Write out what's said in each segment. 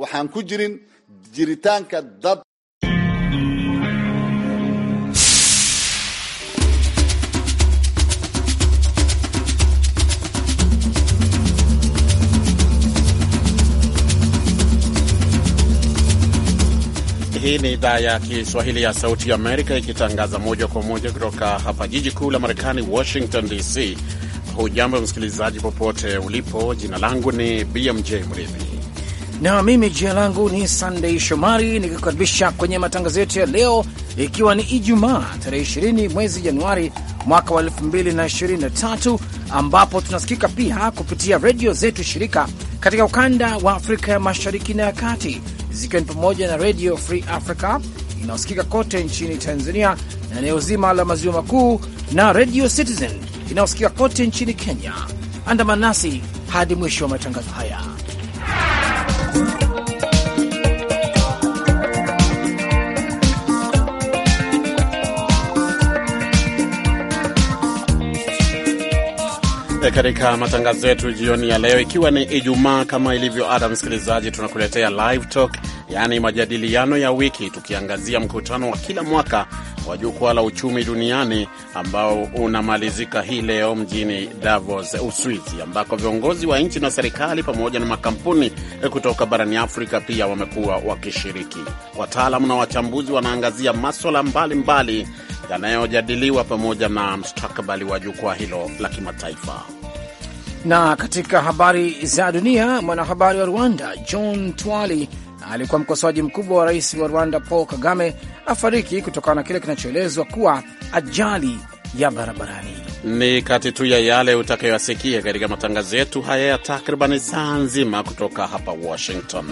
waxaan ku jirin jiritaanka dad Hii ni idhaa ya Kiswahili ya Sauti ya Amerika ikitangaza moja kwa moja kutoka hapa jiji kuu la Marekani, Washington DC. Hujambo msikilizaji, popote ulipo. Jina langu ni BMJ Mridhi na mimi jina langu ni sandei Shomari nikikukaribisha kwenye matangazo yetu ya leo, ikiwa ni Ijumaa tarehe 20 mwezi Januari mwaka wa 2023 ambapo tunasikika pia kupitia redio zetu shirika katika ukanda wa Afrika ya mashariki na ya kati, zikiwa ni pamoja na Redio Free Africa inayosikika kote nchini Tanzania na eneo zima la maziwa makuu na Redio Citizen inayosikika kote nchini Kenya. Andamana nasi hadi mwisho wa matangazo haya. katika matangazo yetu jioni ya leo, ikiwa ni Ijumaa kama ilivyo ada, msikilizaji, tunakuletea live talk, yaani majadiliano ya wiki, tukiangazia mkutano wa kila mwaka wa jukwaa la uchumi duniani ambao unamalizika hii leo mjini Davos, Uswizi, ambako viongozi wa nchi na serikali pamoja na makampuni kutoka barani Afrika pia wamekuwa wakishiriki. Wataalamu na wachambuzi wanaangazia maswala mbalimbali yanayojadiliwa pamoja na mstakbali wa jukwaa hilo la kimataifa. Na katika habari za dunia, mwanahabari wa Rwanda John Twali alikuwa mkosoaji mkubwa wa rais wa Rwanda Paul Kagame afariki kutokana na kile kinachoelezwa kuwa ajali ya barabarani. Ni kati tu ya yale utakayoyasikia katika matangazo yetu haya ya takribani saa nzima kutoka hapa Washington.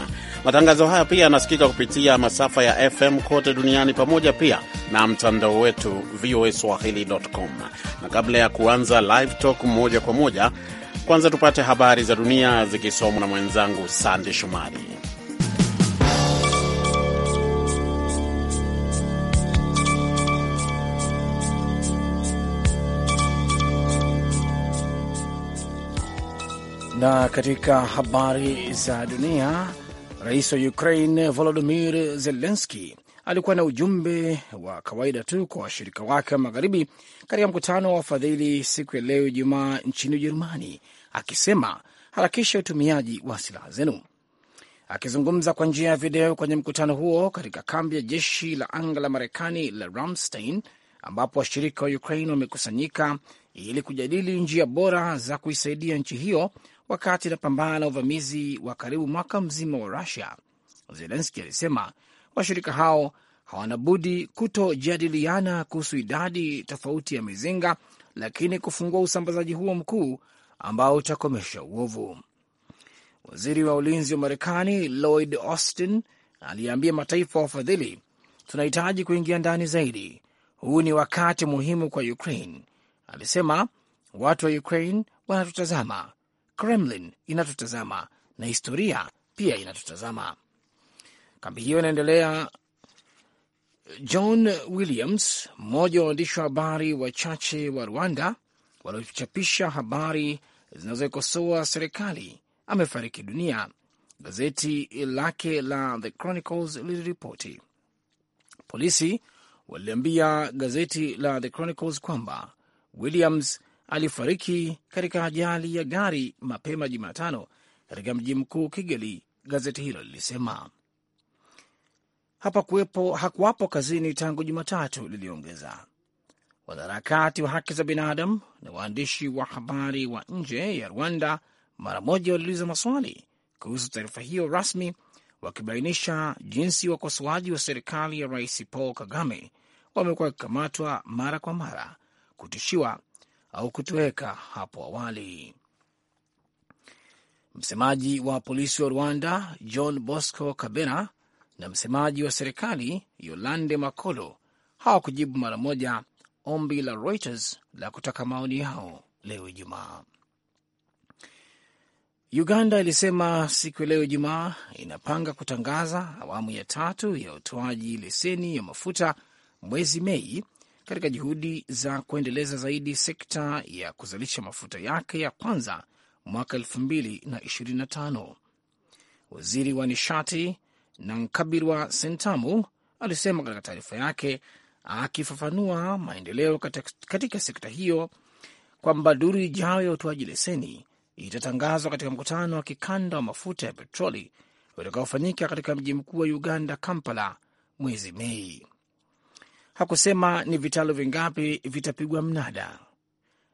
Matangazo haya pia yanasikika kupitia masafa ya FM kote duniani, pamoja pia na mtandao wetu swahili.com. Na kabla ya kuanza live talk moja kwa moja kwanza tupate habari za dunia zikisomwa na mwenzangu Sande Shomari. Na katika habari za dunia, rais wa Ukraine Volodimir Zelenski alikuwa na ujumbe wa kawaida tu kwa washirika wake wa magharibi katika mkutano wa wafadhili siku ya leo Ijumaa nchini Ujerumani, akisema harakisha utumiaji wa silaha zenu. Akizungumza kwa njia ya video kwenye mkutano huo katika kambi ya jeshi la anga la Marekani la Ramstein, ambapo washirika wa Ukraine wamekusanyika ili kujadili njia bora za kuisaidia nchi hiyo wakati inapambana na uvamizi wa karibu mwaka mzima wa Rusia, Zelenski alisema washirika hao hawana budi kutojadiliana kuhusu idadi tofauti ya mizinga, lakini kufungua usambazaji huo mkuu ambao utakomesha uovu. Waziri wa ulinzi wa Marekani Lloyd Austin aliyeambia mataifa wafadhili, tunahitaji kuingia ndani zaidi, huu ni wakati muhimu kwa Ukraine. Alisema watu wa Ukraine wanatutazama, Kremlin inatutazama na historia pia inatutazama. Kambi hiyo inaendelea. John Williams, mmoja wa waandishi wa habari wachache wa Rwanda waliochapisha habari zinazoikosoa serikali, amefariki dunia, gazeti lake la The Chronicles liliripoti. Polisi waliliambia gazeti la The Chronicles kwamba Williams alifariki katika ajali ya gari mapema Jumatano katika mji mkuu Kigali, gazeti hilo lilisema hapakuwepo hakuwapo kazini tangu Jumatatu, liliongeza. Wanaharakati wa haki za binadamu na waandishi wa habari wa nje ya Rwanda mara moja waliuliza maswali kuhusu taarifa hiyo rasmi, wakibainisha jinsi wakosoaji wa serikali ya Rais Paul Kagame wamekuwa wakikamatwa mara kwa mara, kutishiwa au kutoweka hapo awali. Msemaji wa polisi wa Rwanda John Bosco Kabera na msemaji wa serikali Yolande Makolo hawakujibu mara moja ombi la Reuters la kutaka maoni yao leo Ijumaa. Uganda ilisema siku ya leo Ijumaa inapanga kutangaza awamu ya tatu ya utoaji leseni ya mafuta mwezi Mei katika juhudi za kuendeleza zaidi sekta ya kuzalisha mafuta yake ya kwanza mwaka 2025. Waziri wa nishati Nankabirwa Sentamu alisema katika taarifa yake akifafanua maendeleo katika sekta hiyo kwamba duru ijayo ya utoaji leseni itatangazwa katika mkutano wa kikanda wa mafuta ya petroli utakaofanyika katika mji mkuu wa Uganda, Kampala, mwezi Mei. Hakusema ni vitalu vingapi vitapigwa mnada.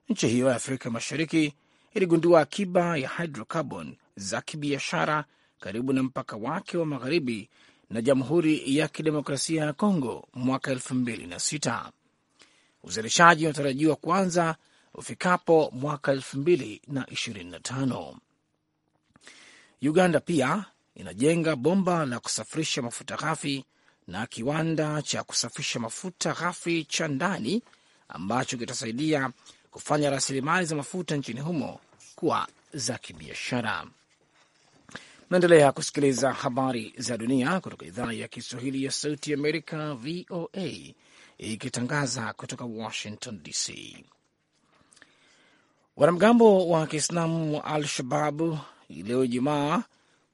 Nchi hiyo ya Afrika Mashariki iligundua akiba ya hydrocarbon za kibiashara karibu na mpaka wake wa magharibi na Jamhuri ya Kidemokrasia ya Kongo mwaka elfu mbili na sita. Uzalishaji unatarajiwa kuanza ufikapo mwaka elfu mbili na ishirini na tano. Uganda pia inajenga bomba la kusafirisha mafuta ghafi na kiwanda cha kusafisha mafuta ghafi cha ndani ambacho kitasaidia kufanya rasilimali za mafuta nchini humo kuwa za kibiashara. Naendelea kusikiliza habari za dunia kutoka idhaa ya Kiswahili ya Sauti Amerika, VOA, ikitangaza kutoka Washington DC. Wanamgambo wa Kiislamu wa Al-Shababu leo Ijumaa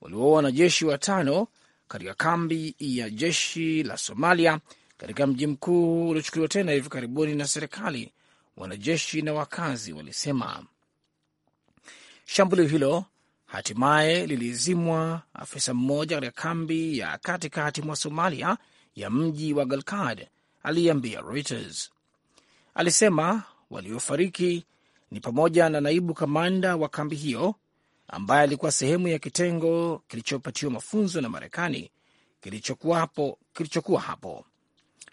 waliwaua wanajeshi watano katika kambi ya jeshi la Somalia katika mji mkuu uliochukuliwa tena hivi karibuni na serikali, wanajeshi na wakazi walisema. Shambulio hilo hatimaye lilizimwa. Afisa mmoja katika kambi ya katikati mwa Somalia ya mji wa Galkad aliambia Reuters. Alisema waliofariki ni pamoja na naibu kamanda wa kambi hiyo ambaye alikuwa sehemu ya kitengo kilichopatiwa mafunzo na Marekani kilichokuwa kilichokuwa hapo.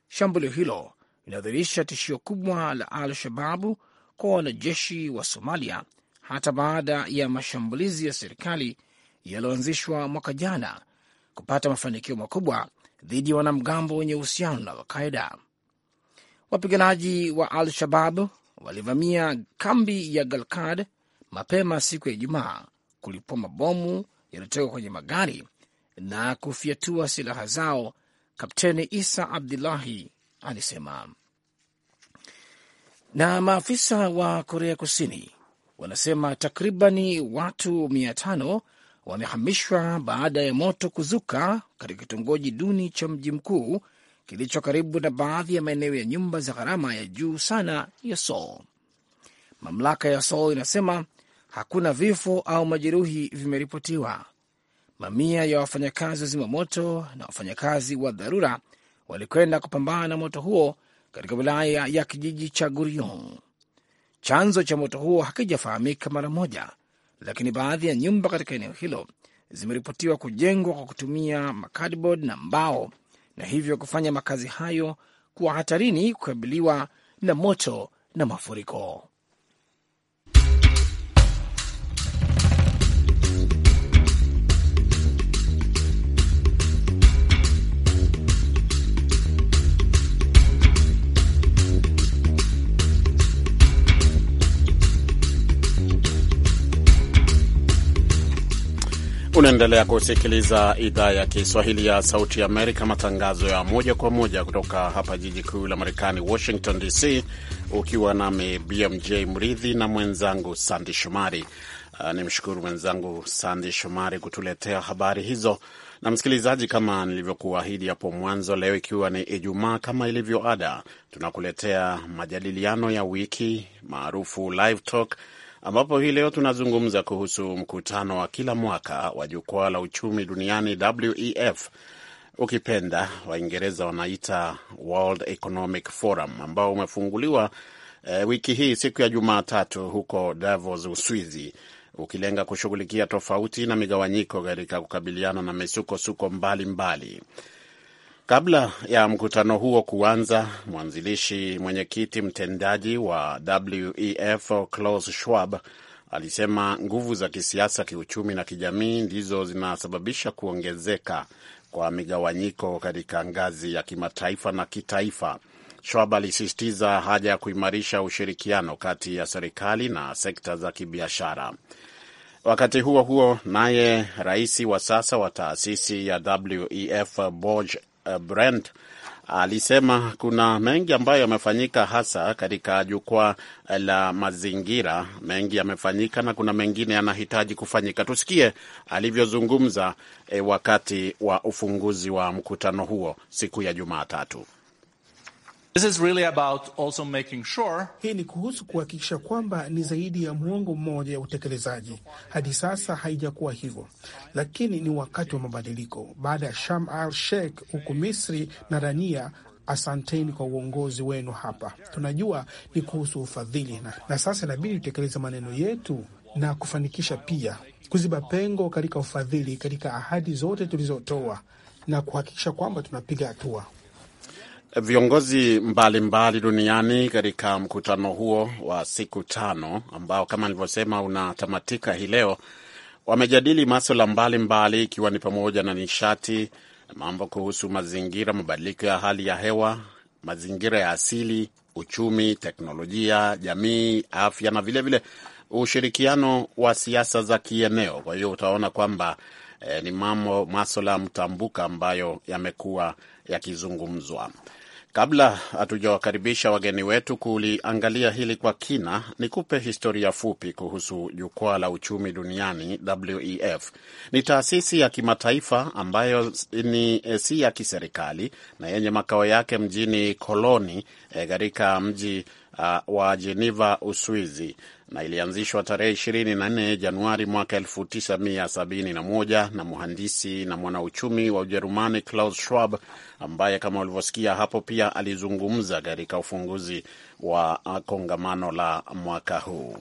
Shambulio hilo linadhihirisha tishio kubwa la Al Shababu kwa wanajeshi wa Somalia hata baada ya mashambulizi ya serikali yaliyoanzishwa mwaka jana kupata mafanikio makubwa dhidi ya wanamgambo wenye uhusiano na Alqaida. Wapiganaji wa Al Shabab walivamia kambi ya Galkad mapema siku ya Ijumaa, kulipua mabomu yaliyotoka kwenye magari na kufyatua silaha zao. Kapteni Isa Abdullahi alisema. Na maafisa wa Korea Kusini wanasema takribani watu mia tano wamehamishwa baada ya moto kuzuka katika kitongoji duni cha mji mkuu kilicho karibu na baadhi ya maeneo ya nyumba za gharama ya juu sana ya Seoul. Mamlaka ya Seoul inasema hakuna vifo au majeruhi vimeripotiwa. Mamia ya wafanyakazi wa zimamoto na wafanyakazi wa dharura walikwenda kupambana na moto huo katika wilaya ya kijiji cha Gurion. Chanzo cha moto huo hakijafahamika mara moja, lakini baadhi ya nyumba katika eneo hilo zimeripotiwa kujengwa kwa kutumia makadibodi na mbao, na hivyo kufanya makazi hayo kuwa hatarini kukabiliwa na moto na mafuriko. Unaendelea kusikiliza idhaa ya Kiswahili ya Sauti ya Amerika, matangazo ya moja kwa moja kutoka hapa jiji kuu la Marekani, Washington DC, ukiwa nami BMJ Mridhi na mwenzangu Sandi Shomari. Uh, ah, ni mshukuru mwenzangu Sandi Shomari kutuletea habari hizo. Na msikilizaji, kama nilivyokuahidi hapo mwanzo, leo ikiwa ni Ijumaa, kama ilivyo ada, tunakuletea majadiliano ya wiki maarufu live talk ambapo hii leo tunazungumza kuhusu mkutano wa kila mwaka wa jukwaa la uchumi duniani WEF ukipenda Waingereza wanaita World Economic Forum ambao umefunguliwa e, wiki hii siku ya Jumatatu huko Davos, Uswizi, ukilenga kushughulikia tofauti na migawanyiko katika kukabiliana na misukosuko mbalimbali. Kabla ya mkutano huo kuanza, mwanzilishi mwenyekiti mtendaji wa WEF Klaus Schwab alisema nguvu za kisiasa, kiuchumi na kijamii ndizo zinasababisha kuongezeka kwa migawanyiko katika ngazi ya kimataifa na kitaifa. Schwab alisisitiza haja ya kuimarisha ushirikiano kati ya serikali na sekta za kibiashara. Wakati huo huo, naye rais wa sasa wa taasisi ya WEF Borge Eh, Brent alisema kuna mengi ambayo yamefanyika hasa katika jukwaa la mazingira. Mengi yamefanyika na kuna mengine yanahitaji kufanyika. Tusikie alivyozungumza eh, wakati wa ufunguzi wa mkutano huo siku ya Jumatatu. This is really about also making sure... Hii ni kuhusu kuhakikisha kwamba ni zaidi ya mwongo mmoja ya utekelezaji. Hadi sasa haijakuwa hivyo, lakini ni wakati wa mabadiliko baada ya Sham al Sheikh huku Misri na Rania. Asanteni kwa uongozi wenu hapa. Tunajua ni kuhusu ufadhili na, na sasa inabidi tutekeleze maneno yetu na kufanikisha pia kuziba pengo katika ufadhili katika ahadi zote tulizotoa na kuhakikisha kwamba tunapiga hatua. Viongozi mbalimbali mbali duniani katika mkutano huo wa siku tano ambao kama nilivyosema unatamatika hii leo, wamejadili maswala mbalimbali ikiwa ni pamoja na nishati, mambo kuhusu mazingira, mabadiliko ya hali ya hewa, mazingira ya asili, uchumi, teknolojia, jamii, afya na vilevile vile ushirikiano wa siasa za kieneo. Kwa hiyo utaona kwamba eh, ni mambo maswala mtambuka ambayo yamekuwa yakizungumzwa. Kabla hatujawakaribisha wageni wetu kuliangalia hili kwa kina, nikupe historia fupi kuhusu jukwaa la uchumi duniani WEF. Ni taasisi ya kimataifa ambayo ni eh, si ya kiserikali na yenye makao yake mjini Koloni eh, katika mji uh, wa jeneva Uswizi, na ilianzishwa tarehe nne Januari mwaka 1971 na mhandisi na mwanauchumi wa Ujerumani Klaus Schwab, ambaye kama ulivyosikia hapo pia alizungumza katika ufunguzi wa uh, kongamano la mwaka huu.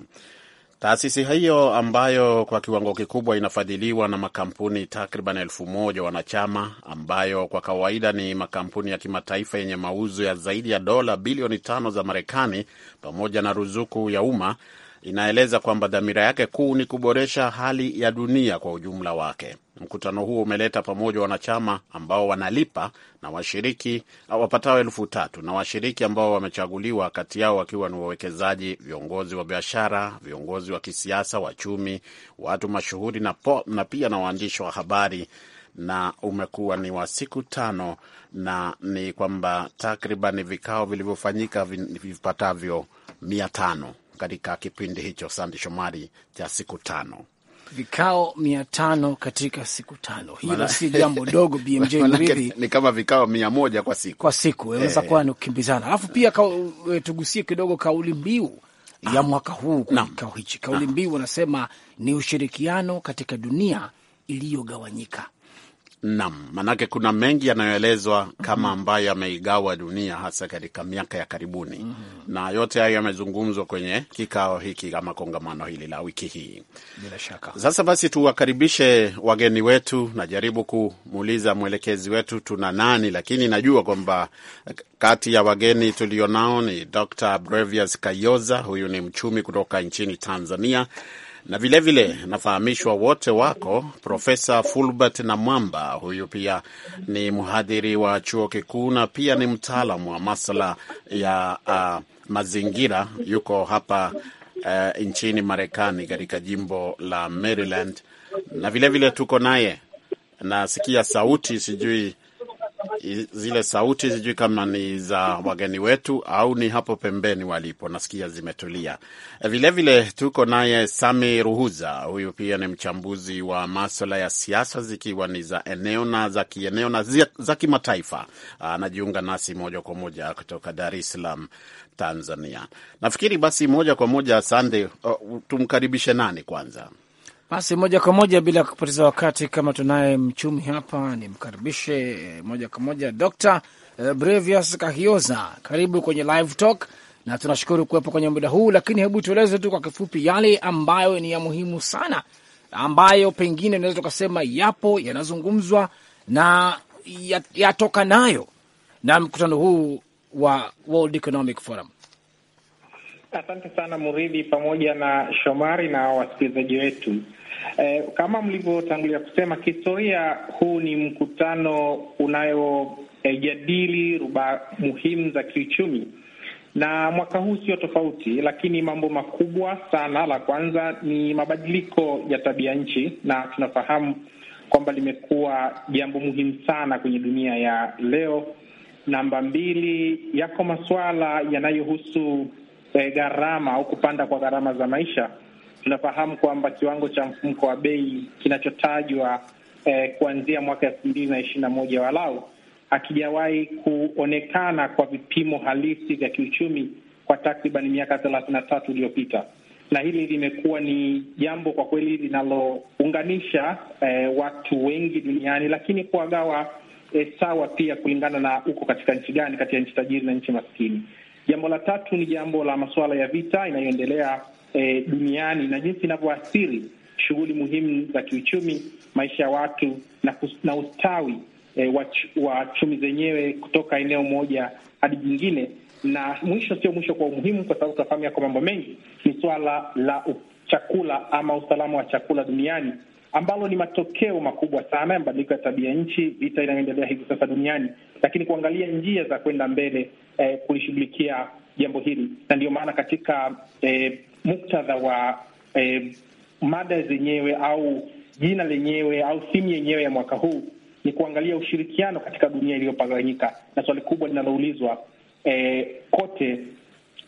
Taasisi hiyo ambayo kwa kiwango kikubwa inafadhiliwa na makampuni takriban elfu moja wanachama, ambayo kwa kawaida ni makampuni ya kimataifa yenye mauzo ya zaidi ya dola bilioni tano za Marekani pamoja na ruzuku ya umma, inaeleza kwamba dhamira yake kuu ni kuboresha hali ya dunia kwa ujumla wake. Mkutano huo umeleta pamoja wanachama ambao wanalipa na washiriki wapatao elfu tatu na washiriki ambao wamechaguliwa, kati yao wakiwa ni wawekezaji, viongozi wa biashara, viongozi wa kisiasa, wachumi, watu mashuhuri na, po, na pia na waandishi wa habari na umekuwa ni wa siku tano na ni kwamba takriban vikao vilivyofanyika vipatavyo mia tano katika kipindi hicho, Sandi Shomari, cha siku tano vikao mia tano katika siku tano. Hilo si jambo dogo, BMJ Mridhi, ni kama vikao mia moja kwa siku, kwa siku inaweza eh. kuwa ni kukimbizana. Alafu pia ka, eh, tugusie kidogo kauli mbiu ya ah. mwaka huu kwa kikao hichi. Kauli ah. mbiu wanasema ni ushirikiano katika dunia iliyogawanyika. Naam, manake kuna mengi yanayoelezwa kama mhm. ambayo yameigawa dunia hasa katika miaka ya karibuni mm -hmm. na yote hayo yamezungumzwa kwenye kikao hiki ama kongamano hili la wiki hii. Bila shaka, sasa basi tuwakaribishe wageni wetu. Najaribu kumuuliza mwelekezi wetu tuna nani, lakini najua kwamba kati ya wageni tulionao ni Dr. Brevius Kayoza, huyu ni mchumi kutoka nchini Tanzania na vilevile vile, nafahamishwa wote wako Profesa Fulbert na Mwamba. Huyu pia ni mhadhiri wa chuo kikuu na pia ni mtaalamu wa masuala ya uh, mazingira. Yuko hapa uh, nchini Marekani katika jimbo la Maryland, na vilevile vile tuko naye, nasikia sauti, sijui zile sauti, sijui kama ni za wageni wetu au ni hapo pembeni walipo, nasikia zimetulia. Vilevile vile tuko naye Sami Ruhuza, huyu pia ni mchambuzi wa maswala ya siasa zikiwa ni za eneo na za kieneo na za kimataifa. Anajiunga nasi moja kwa moja kutoka Dar es Salaam, Tanzania. Nafikiri basi moja kwa moja, Sande, tumkaribishe nani kwanza? Basi moja kwa moja bila kupoteza wakati, kama tunaye mchumi hapa, nimkaribishe moja kwa moja Dr. Eh, Brevius Kahioza, karibu kwenye Live Talk na tunashukuru kuwepo kwenye muda huu, lakini hebu tueleze tu kwa kifupi yale ambayo ni ya muhimu sana, ambayo pengine unaweza tukasema yapo yanazungumzwa na yatoka nayo na mkutano huu wa World Economic Forum. Asante sana Muridi pamoja na Shomari na wasikilizaji wetu. Eh, kama mlivyotangulia kusema kihistoria, huu ni mkutano unayojadili eh, ruba muhimu za kiuchumi na mwaka huu sio tofauti, lakini mambo makubwa sana. La kwanza ni mabadiliko ya tabia nchi, na tunafahamu kwamba limekuwa jambo muhimu sana kwenye dunia ya leo. Namba mbili, yako masuala yanayohusu eh, gharama au kupanda kwa gharama za maisha tunafahamu kwamba kiwango cha mfumko wa bei kinachotajwa eh, kuanzia mwaka elfu mbili na ishirini na moja walau hakijawahi kuonekana kwa vipimo halisi vya kiuchumi kwa takriban miaka thelathini na tatu iliyopita, na hili limekuwa ni jambo kwa kweli linalounganisha eh, watu wengi duniani, lakini kuwagawa eh, sawa pia kulingana na uko katika nchi gani, kati ya nchi tajiri na nchi maskini. Jambo la tatu ni jambo la masuala ya vita inayoendelea e, duniani na jinsi inavyoathiri shughuli muhimu za kiuchumi, maisha ya watu na, kus, na ustawi e, wa, wa chumi zenyewe kutoka eneo moja hadi jingine. Na mwisho sio mwisho kwa umuhimu, kwa sababu tunafahamu yako mambo mengi ni swala la chakula ama usalama wa chakula duniani ambalo ni matokeo makubwa sana ya mabadiliko ya tabia nchi, vita inayoendelea hivi sasa duniani, lakini kuangalia njia za kwenda mbele eh, kulishughulikia jambo hili, na ndio maana katika eh, muktadha wa eh, mada zenyewe au jina lenyewe au simu yenyewe ya mwaka huu ni kuangalia ushirikiano katika dunia iliyopaganyika, na swali kubwa linaloulizwa eh, kote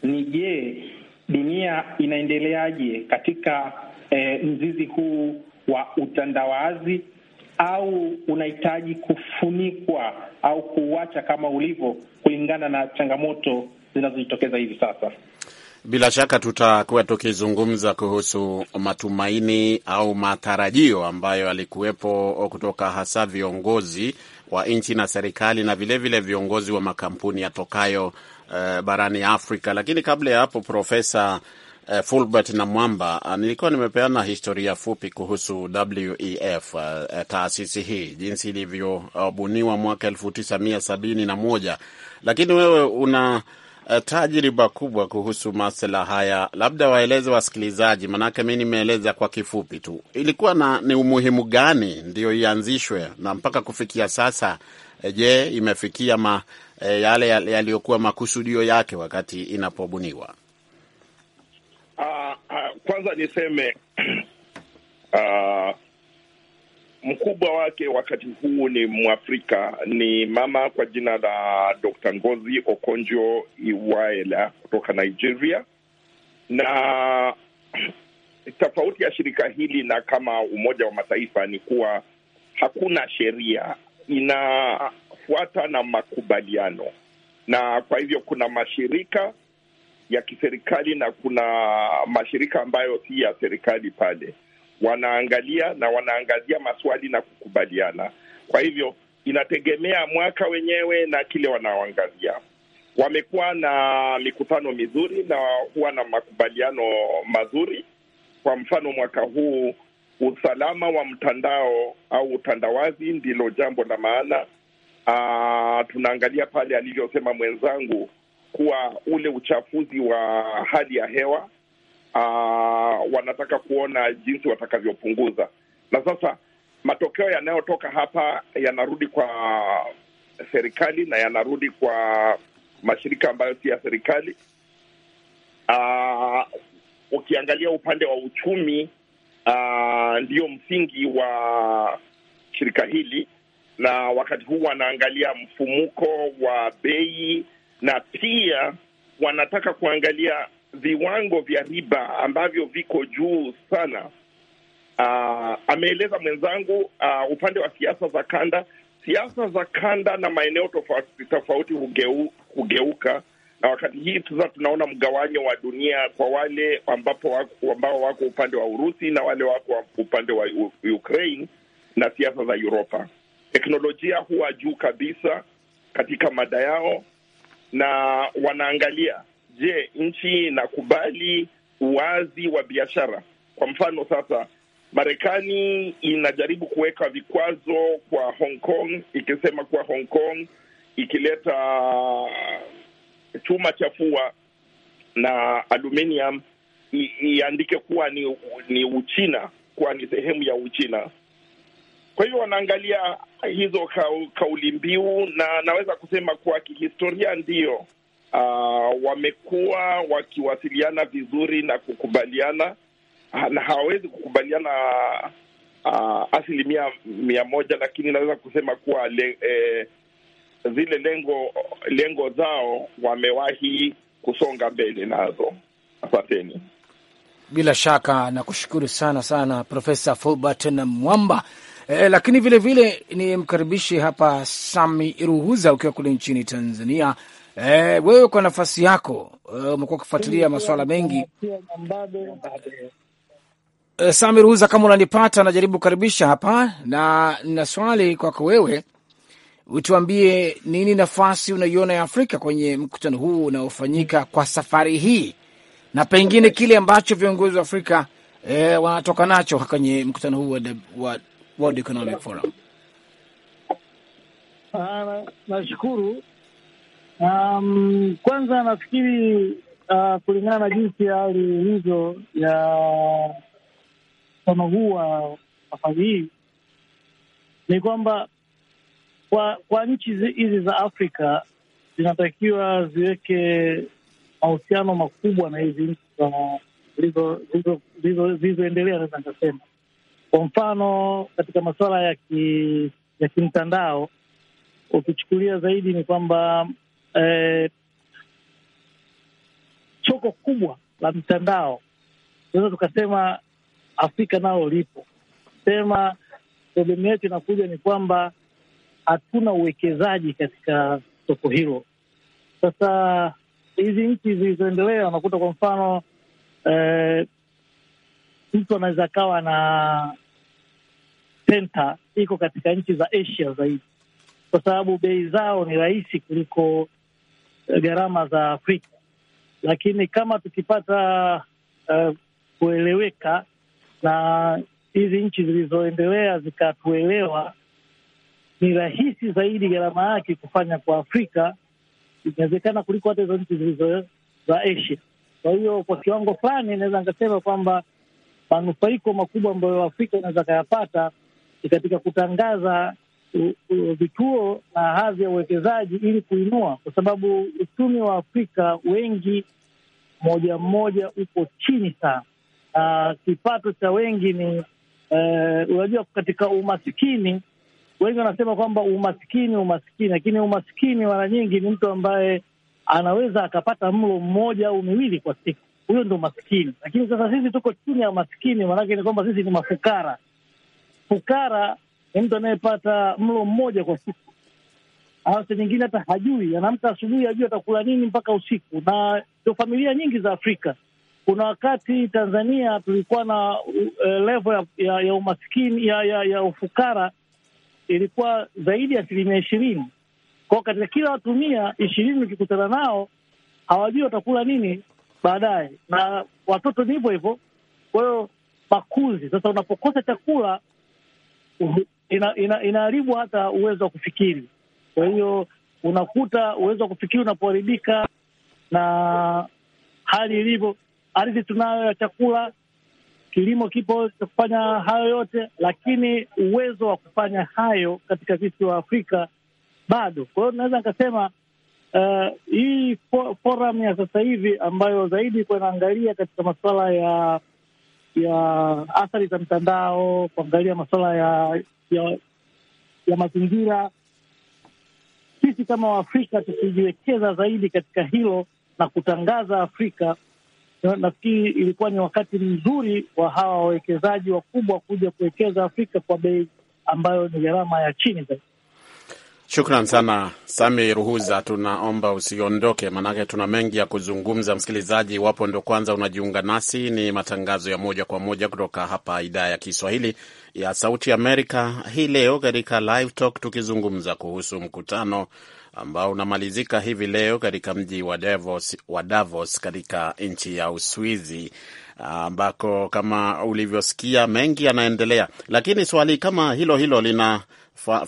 ni je, dunia inaendeleaje katika eh, mzizi huu wa utandawazi au unahitaji kufunikwa au kuuacha kama ulivyo kulingana na changamoto zinazojitokeza hivi sasa. Bila shaka tutakuwa tukizungumza kuhusu matumaini au matarajio ambayo alikuwepo kutoka hasa viongozi wa nchi na serikali na vilevile vile viongozi wa makampuni yatokayo uh, barani Afrika. Lakini kabla ya hapo, Profesa uh, Fulbert na Mwamba, ah, nilikuwa nimepeana historia fupi kuhusu WEF, uh, ah, eh, taasisi hii jinsi ilivyobuniwa uh, mwaka elfu tisa mia sabini na moja, lakini wewe una Eh, tajriba kubwa kuhusu masuala haya, labda waeleze wasikilizaji, manake mi nimeeleza kwa kifupi tu, ilikuwa na ni umuhimu gani ndio ianzishwe na mpaka kufikia sasa, eh, je, imefikia ma, e, yale yaliyokuwa makusudio yake wakati inapobuniwa? Uh, uh, kwanza niseme uh, mkubwa wake wakati huu ni Mwafrika, ni mama kwa jina la Dr. Ngozi Okonjo Iweala kutoka Nigeria, na tofauti ya shirika hili na kama Umoja wa Mataifa ni kuwa hakuna sheria, inafuata na makubaliano, na kwa hivyo kuna mashirika ya kiserikali na kuna mashirika ambayo si ya serikali pale wanaangalia na wanaangalia maswali na kukubaliana. Kwa hivyo inategemea mwaka wenyewe na kile wanaoangazia Wamekuwa na mikutano mizuri na huwa na makubaliano mazuri. Kwa mfano mwaka huu usalama wa mtandao au utandawazi ndilo jambo la maana. Aa, ah, tunaangalia pale alivyosema mwenzangu kuwa ule uchafuzi wa hali ya hewa uh, wanataka kuona jinsi watakavyopunguza, na sasa matokeo yanayotoka hapa yanarudi kwa serikali na yanarudi kwa mashirika ambayo si ya serikali. Uh, ukiangalia upande wa uchumi uh, ndio msingi wa shirika hili, na wakati huu wanaangalia mfumuko wa bei na pia wanataka kuangalia viwango vya riba ambavyo viko juu sana. Uh, ameeleza mwenzangu uh, upande wa siasa za kanda, siasa za kanda na maeneo tofauti tofauti hugeu, hugeuka na wakati hii sasa tunaona mgawanyo wa dunia kwa wale ambapo wako, ambao wako upande wa Urusi na wale wako upande wa Ukraine na siasa za Uropa. Teknolojia huwa juu kabisa katika mada yao na wanaangalia je, nchi inakubali uwazi wa biashara? Kwa mfano sasa, Marekani inajaribu kuweka vikwazo kwa Hong Kong, ikisema kuwa Hong Kong ikileta chuma chafua na aluminium iandike kuwa ni, ni Uchina, kuwa ni sehemu ya Uchina. Kwa hiyo wanaangalia hizo kauli mbiu, na naweza kusema kuwa kihistoria ndiyo uh, wamekuwa wakiwasiliana vizuri na kukubaliana na hawawezi kukubaliana uh, asilimia mia moja, lakini naweza kusema kuwa le, eh, zile lengo lengo zao wamewahi kusonga mbele nazo. Asanteni. Bila shaka nakushukuru sana sana Profesa Fulbert na Mwamba. E, lakini vilevile ni mkaribishi hapa Sami ruhuza ukiwa kule nchini Tanzania. Eh, wewe kwa nafasi yako eh, umekuwa ukifuatilia masuala mengi e, Samir Huza, kama unanipata, najaribu kukaribisha hapa na nina swali kwako wewe, utuambie nini nafasi unaiona ya Afrika kwenye mkutano huu unaofanyika kwa safari hii na pengine kile ambacho viongozi wa Afrika eh, wanatoka nacho kwenye mkutano huu wa World Economic Forum. Ah, nashukuru Um, kwanza nafikiri uh, kulingana na jinsi ya hali ilivyo ya mkutano huu wa safari hii ni kwamba kwa, kwa nchi hizi za Afrika zinatakiwa ziweke mahusiano makubwa na hizi nchi zilizoendelea, naweza nikasema kwa mfano katika masuala ya ki, ya kimtandao ukichukulia zaidi ni kwamba eh, kubwa la mtandao, tunaweza tukasema Afrika nao lipo sema. Problemu yetu inakuja ni kwamba hatuna uwekezaji katika soko hilo. Sasa hizi nchi zilizoendelea unakuta kwa mfano eh, mtu anaweza akawa na senta iko katika nchi za Asia zaidi, kwa sababu bei zao ni rahisi kuliko gharama za Afrika, lakini kama tukipata uh, kueleweka na hizi nchi zilizoendelea zikatuelewa, ni rahisi zaidi gharama yake kufanya kwa Afrika inawezekana kuliko hata hizo nchi zilizo za Asia. Kwa hiyo kwa kiwango fulani inaweza nikasema kwamba manufaiko makubwa ambayo Afrika inaweza akayapata ni katika kutangaza vituo na hadhi ya uwekezaji ili kuinua, kwa sababu uchumi wa Afrika wengi moja mmoja uko chini sana, na ah, kipato cha wengi ni eh, unajua, katika umasikini wengi wanasema kwamba umasikini umasikini, lakini umasikini mara nyingi ni mtu ambaye anaweza akapata mlo mmoja au miwili kwa siku, huyo ndo masikini. Lakini sasa sisi tuko chini ya umaskini maanake ni kwamba sisi ni mafukara. Fukara ni mtu anayepata mlo mmoja kwa siku, au nyingine hata hajui, anaamka asubuhi hajui atakula nini mpaka usiku. Na ndio familia nyingi za Afrika. Kuna wakati Tanzania tulikuwa na uh, level ya, ya, ya umaskini ya, ya, ya ufukara ilikuwa zaidi ya asilimia ishirini kwao. Katika kila watu mia ishirini ukikutana nao hawajui watakula nini baadaye, na watoto ni hivyo hivyo. Kwa hiyo makuzi sasa, unapokosa chakula inaharibu ina, ina hata uwezo wa kufikiri. Kwa hiyo unakuta uwezo wa kufikiri unapoharibika na hali ilivyo, ardhi tunayo ya chakula, kilimo kipo cha kufanya hayo yote, lakini uwezo wa kufanya hayo katika sisi wa Afrika bado. Kwa hiyo tunaweza nikasema uh, hii forum ya sasa hivi ambayo zaidi iko inaangalia katika masuala ya ya athari za mtandao, kuangalia masuala ya, ya, ya mazingira. Sisi kama Waafrika tukijiwekeza zaidi katika hilo na kutangaza Afrika, nafikiri ilikuwa ni wakati mzuri wa hawa wawekezaji wakubwa kuja kuwekeza Afrika kwa bei ambayo ni gharama ya chini zaidi. Shukran sana Sami Ruhuza, tunaomba usiondoke, maanake tuna mengi ya kuzungumza. Msikilizaji, iwapo ndo kwanza unajiunga nasi, ni matangazo ya moja kwa moja kutoka hapa idhaa ya Kiswahili ya Sauti Amerika. Hii leo katika Live Talk tukizungumza kuhusu mkutano ambao unamalizika hivi leo katika mji wa Davos, wa Davos katika nchi ya Uswizi ambako kama ulivyosikia mengi yanaendelea, lakini swali kama hilo hilo lina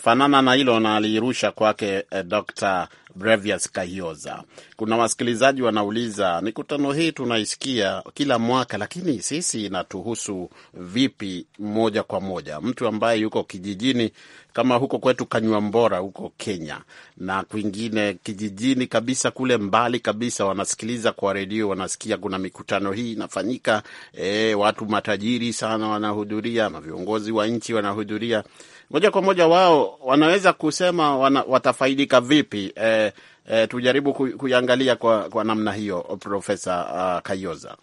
fanana na hilo na alirusha kwake eh, Dr. Brevius Kahioza. Kuna wasikilizaji wanauliza mikutano hii tunaisikia kila mwaka, lakini sisi inatuhusu vipi moja kwa moja? Mtu ambaye yuko kijijini kama huko kwetu Kanyuambora huko Kenya na kwingine kijijini kabisa kule mbali kabisa, wanasikiliza kwa redio, wanasikia kuna mikutano hii inafanyika. E, watu matajiri sana wanahudhuria na viongozi wa nchi wanahudhuria moja kwa moja wao wanaweza kusema wana, watafaidika vipi? E, e, tujaribu kuiangalia kwa, kwa namna hiyo, Profesa uh, Kayoza.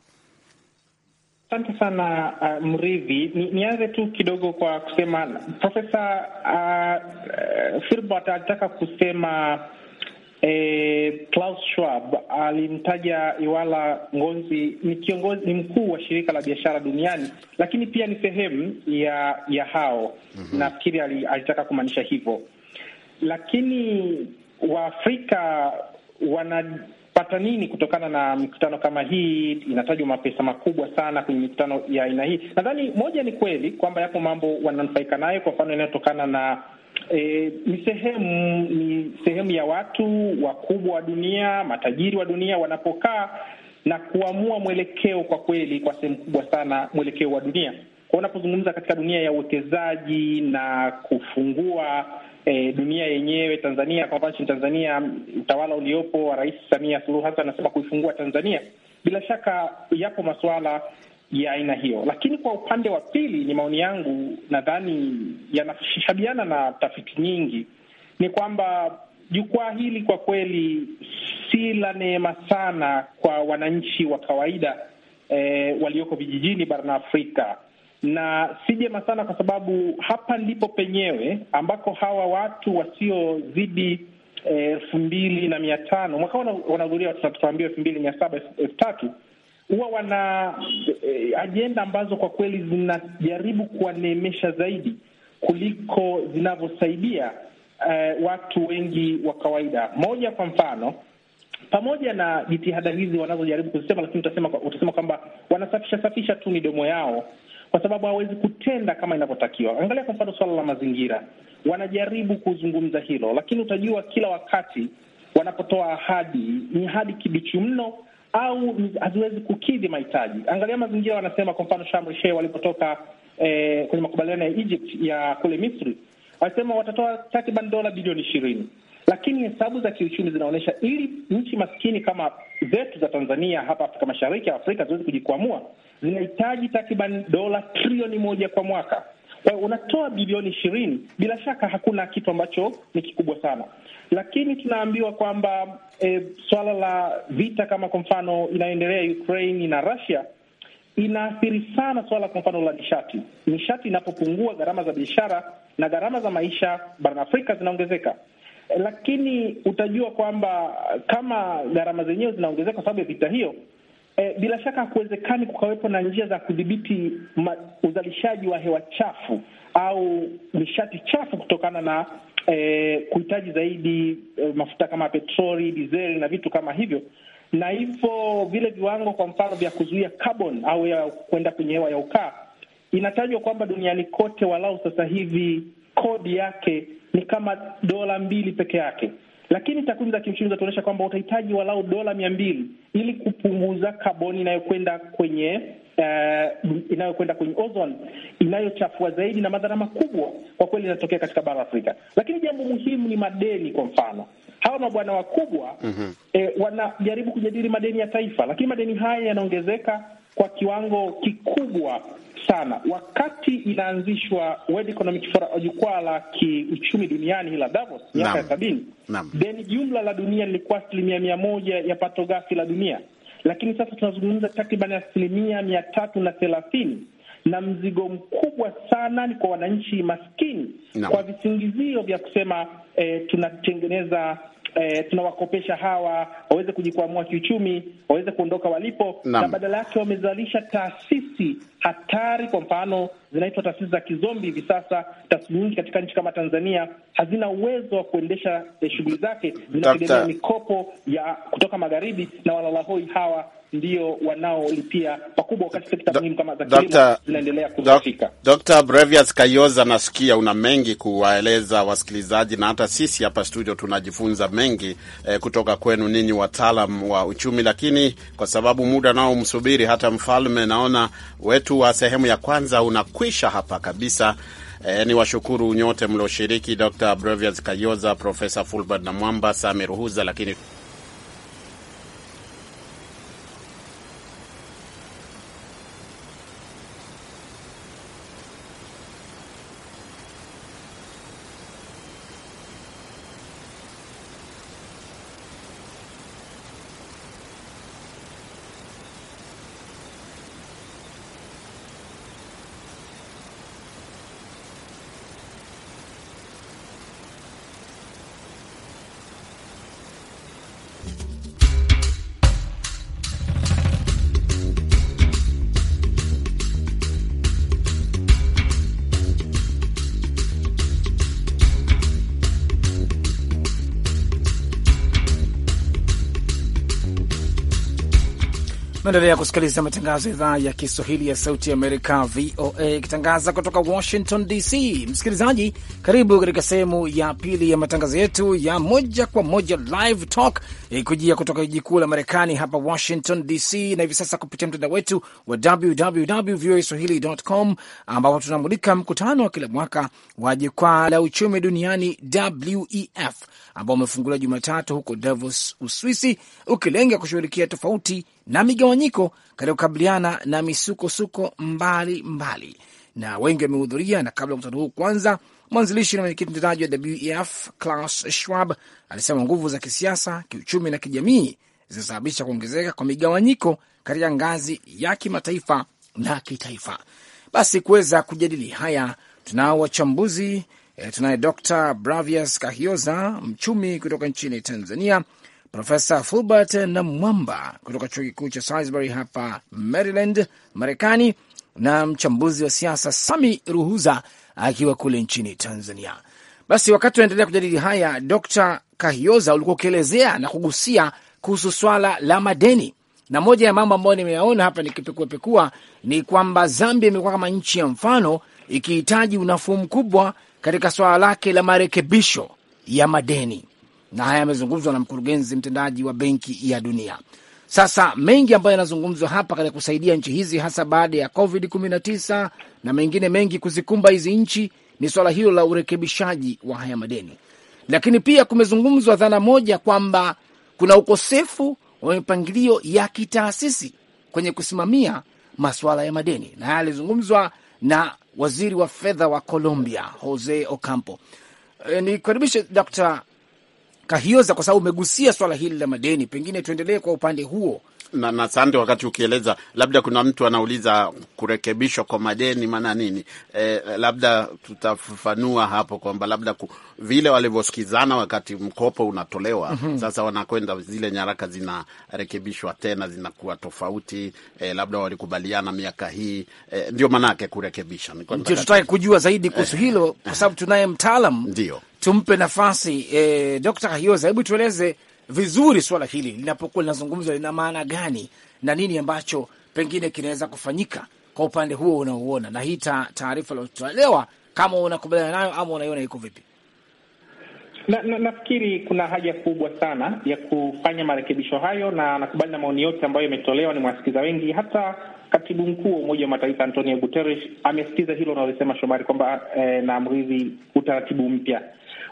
Asante sana uh, Mridhi. Nianze ni tu kidogo kwa kusema Profesa uh, uh, Filbert alitaka kusema E, Klaus Schwab alimtaja Iwala Ngozi ni kiongozi, ni mkuu wa shirika la biashara duniani, lakini pia ni sehemu ya ya hao mm -hmm. Nafikiri alitaka kumaanisha hivyo, lakini Waafrika wanapata nini kutokana na mikutano kama hii? Inatajwa mapesa makubwa sana kwenye mikutano ya aina hii. Nadhani moja ni kweli kwamba yapo mambo wananufaika nayo, kwa mfano inayotokana na E, ni sehemu ni sehemu ya watu wakubwa wa dunia, matajiri wa dunia wanapokaa na kuamua mwelekeo, kwa kweli, kwa sehemu kubwa sana mwelekeo wa dunia. Kwa unapozungumza katika dunia ya uwekezaji na kufungua e, dunia yenyewe, Tanzania kwa nchini Tanzania, utawala uliopo wa Rais Samia Suluhu Hassan anasema kuifungua Tanzania. Bila shaka yapo masuala ya aina hiyo. Lakini kwa upande wa pili, ni maoni yangu, nadhani yanashabiana na tafiti nyingi, ni kwamba jukwaa hili kwa kweli si la neema sana kwa wananchi wa kawaida e, walioko vijijini barani Afrika, na si jema sana kwa sababu hapa ndipo penyewe ambako hawa watu wasiozidi eh, elfu mbili na mia tano mwaka wanahudhuria, tunaambiwa elfu mbili mia saba elfu tatu huwa wana eh, ajenda ambazo kwa kweli zinajaribu kuwaneemesha zaidi kuliko zinavyosaidia eh, watu wengi wa kawaida. Moja, kwa mfano, pamoja na jitihada hizi wanazojaribu kuzisema, lakini utasema, utasema kwamba wanasafisha safisha tu midomo yao kwa sababu hawezi kutenda kama inavyotakiwa. Angalia kwa mfano suala la mazingira, wanajaribu kuzungumza hilo, lakini utajua kila wakati wanapotoa ahadi ni ahadi kibichi mno au haziwezi kukidhi mahitaji. Angalia mazingira, wanasema kwa mfano Sharm el-Sheikh walipotoka eh, kwenye makubaliano ya Egypt ya kule Misri, walisema watatoa takriban dola bilioni ishirini lakini hesabu za kiuchumi zinaonyesha ili nchi maskini kama zetu za Tanzania hapa Afrika Mashariki au Afrika ziweze kujikwamua zinahitaji takriban dola trilioni moja kwa mwaka eh, unatoa bilioni ishirini, bila shaka hakuna kitu ambacho ni kikubwa sana, lakini tunaambiwa kwamba eh, swala la vita kama kwa mfano inayoendelea Ukraine na Russia inaathiri sana swala kwa mfano la nishati. Nishati inapopungua, gharama za biashara na gharama za maisha barani Afrika zinaongezeka, eh, lakini utajua kwamba kama gharama zenyewe zinaongezeka kwa sababu ya vita hiyo, E, bila shaka hakuwezekani kukawepo na njia za kudhibiti uzalishaji wa hewa chafu au nishati chafu kutokana na e, kuhitaji zaidi e, mafuta kama petroli, dizeli na vitu kama hivyo, na hivyo vile viwango kwa mfano vya kuzuia carbon au ya kwenda kwenye hewa ya ukaa, inatajwa kwamba duniani kote walau sasa hivi kodi yake ni kama dola mbili peke yake lakini takwimu za kiuchumi zinaonyesha kwamba utahitaji walau dola mia mbili ili kupunguza kaboni inayokwenda kwenye uh, inayokwenda kwenye ozone inayochafua zaidi na madhara makubwa kwa kweli inatokea katika bara Afrika. Lakini jambo muhimu ni madeni. Kwa mfano hawa mabwana wakubwa mm -hmm. eh, wanajaribu kujadili madeni ya taifa, lakini madeni haya yanaongezeka kwa kiwango kikubwa sana. Wakati inaanzishwa World Economic Forum, jukwaa la kiuchumi duniani hila Davos miaka ya sabini, then jumla la dunia lilikuwa asilimia mia moja ya pato ghafi la dunia, lakini sasa tunazungumza takriban asilimia mia tatu na thelathini na mzigo mkubwa sana ni kwa wananchi maskini no. Kwa visingizio vya kusema eh, tunatengeneza eh, tunawakopesha hawa waweze kujikwamua kiuchumi, waweze kuondoka walipo Nam. na badala yake wamezalisha taasisi hatari, kwa mfano zinaitwa taasisi za kizombi. Hivi sasa taasisi nyingi katika nchi kama Tanzania hazina uwezo wa kuendesha eh, shughuli zake, zinategemea mikopo ya kutoka magharibi na walalahoi hawa ndio wanaolipia pakubwa, wakati sekta muhimu kama za kilimo zinaendelea kudhoofika. Dr. Brevias Kayoza, nasikia una mengi kuwaeleza wasikilizaji na hata sisi hapa studio tunajifunza mengi eh, kutoka kwenu ninyi wataalam wa uchumi, lakini kwa sababu muda nao msubiri hata mfalme, naona wetu wa sehemu ya kwanza unakwisha hapa kabisa. E, ni washukuru nyote mlioshiriki, Dr. Brevias Kayoza, Profesa Fulbert na Mwamba Samir Huza, lakini Naendelea kusikiliza matangazo ya idhaa ya Kiswahili ya Sauti ya Amerika, VOA, ikitangaza kutoka Washington DC. Msikilizaji, karibu katika sehemu ya pili ya matangazo yetu ya moja kwa moja, Live Talk, ikujia kutoka jiji kuu la Marekani hapa Washington DC, na hivi sasa kupitia mtandao wetu wa www voa swahili.com, ambapo tunamulika mkutano wa kila mwaka wa jukwaa la uchumi duniani WEF ambao umefunguliwa Jumatatu huko Davos, Uswisi, ukilenga kushughulikia tofauti na migawanyiko katika kukabiliana na misukosuko mbali mbali, na wengi wamehudhuria. Na kabla ya mkutano huu kwanza, mwanzilishi na mwenyekiti mtendaji wa WEF Klaus Schwab alisema nguvu za kisiasa, kiuchumi na kijamii zinasababisha kuongezeka kwa migawanyiko katika ngazi ya kimataifa na kitaifa. Basi kuweza kujadili haya tunao wachambuzi E, tunaye Dr. Bravias Kahioza, mchumi kutoka nchini Tanzania, Profesa Fulbert na Mwamba kutoka chuo kikuu cha Salisbury hapa Maryland, Marekani, na mchambuzi wa siasa Sami Ruhuza akiwa kule nchini Tanzania. Basi wakati unaendelea kujadili haya, Dr. Kahioza, ulikuwa ukielezea na kugusia kuhusu swala la madeni, na moja ya mambo ambayo nimeyaona hapa nikipekuapekua ni kwamba Zambia imekuwa kama nchi ya mfano ikihitaji unafuu mkubwa katika swala lake la marekebisho ya madeni, na haya yamezungumzwa na mkurugenzi mtendaji wa Benki ya Dunia. Sasa mengi ambayo yanazungumzwa hapa katika kusaidia nchi hizi, hasa baada ya Covid 19 na mengine mengi kuzikumba hizi nchi, ni swala hilo la urekebishaji wa haya madeni. Lakini pia kumezungumzwa dhana moja kwamba kuna ukosefu wa mipangilio ya kitaasisi kwenye kusimamia masuala ya madeni, na haya yalizungumzwa na waziri wa fedha wa Colombia Jose Ocampo. E, eh, nikukaribishe d Kahioza kwa sababu umegusia swala hili la madeni, pengine tuendelee kwa upande huo na, na sande, wakati ukieleza, labda kuna mtu anauliza kurekebishwa kwa madeni maana nini? E, labda tutafafanua hapo kwamba labda ku, vile walivyosikizana wakati mkopo unatolewa mm -hmm. Sasa wanakwenda zile nyaraka zinarekebishwa tena zinakuwa tofauti e, labda walikubaliana miaka hii e, ndio maanake kurekebisha. Ndio tutake kujua zaidi kuhusu hilo kwa sababu tunaye mtaalam, ndio tumpe nafasi e, Dr. Hioza, hebu tueleze vizuri swala hili linapokuwa linazungumzwa lina maana gani na nini ambacho pengine kinaweza kufanyika kwa upande huo unaouona, na hii taarifa iliotolewa, kama unakubaliana nayo ama unaiona iko vipi? Na, na, nafikiri kuna haja kubwa sana ya kufanya marekebisho hayo, na nakubali na maoni yote ambayo yametolewa. Ni mwasikiza wengi, hata katibu mkuu wa Umoja wa Mataifa Antonio Guterres amesikiza hilo unalosema Shomari, kwamba eh, na amrizi utaratibu mpya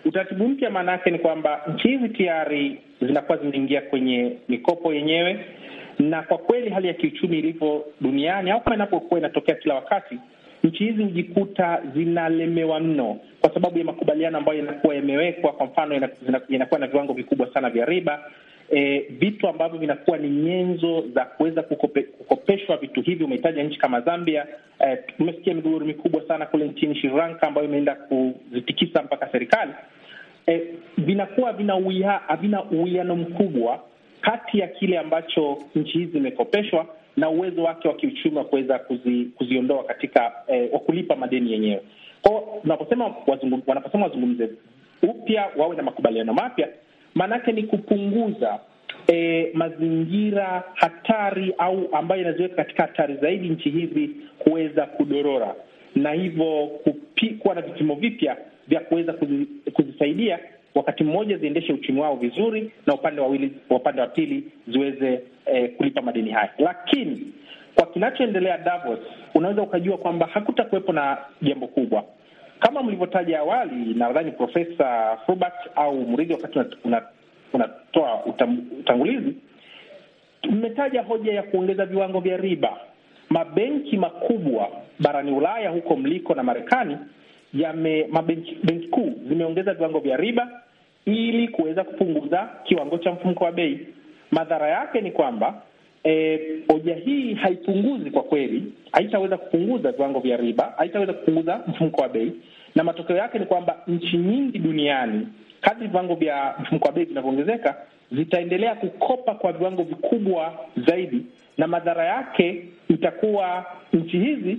Utaratibu mpya maana yake ni kwamba nchi hizi tayari zinakuwa zimeingia kwenye mikopo yenyewe, na kwa kweli hali ya kiuchumi ilivyo duniani au kama inapokuwa inatokea kila wakati, nchi hizi hujikuta zinalemewa mno kwa sababu ya makubaliano ambayo yanakuwa yamewekwa. Kwa mfano, yanakuwa na viwango vikubwa sana vya riba e, vitu ambavyo vinakuwa ni nyenzo za kuweza kukope, kukopeshwa vitu hivi. Umehitaja nchi kama Zambia. E, tumesikia migogoro mikubwa sana kule nchini Sri Lanka ambayo imeenda kuzitikisa mpaka serikali. E, vinakuwa havina uwiano mkubwa kati ya kile ambacho nchi hizi zimekopeshwa na uwezo wake wa kiuchumi wa kuweza kuzi, kuziondoa katika eh, wa kulipa madeni yenyewe kwao. Wanaposema wazungumze upya, wawe na makubaliano mapya, maanake ni kupunguza E, mazingira hatari au ambayo inaziweka katika hatari zaidi nchi hizi kuweza kudorora na hivyo kuwa na vipimo vipya vya kuweza kuzisaidia wakati mmoja ziendeshe uchumi wao vizuri na upande wa wili, upande wa pili ziweze e, kulipa madeni haya. Lakini kwa kinachoendelea Davos, unaweza ukajua kwamba hakutakuwepo na jambo kubwa kama mlivyotaja awali, nadhani Profesa fubat au Mridhi wakati unatoa utangulizi, mmetaja hoja ya kuongeza viwango vya riba. Mabenki makubwa barani Ulaya huko mliko na Marekani yame mabenki kuu zimeongeza viwango vya riba ili kuweza kupunguza kiwango cha mfumko wa bei. Madhara yake ni kwamba Eh, hoja e, hii haipunguzi kwa kweli, haitaweza kupunguza viwango vya riba, haitaweza kupunguza mfumuko wa bei, na matokeo yake ni kwamba nchi nyingi duniani kadri viwango vya mfumko wa bei vinavyoongezeka zitaendelea kukopa kwa viwango vikubwa zaidi, na madhara yake itakuwa nchi hizi,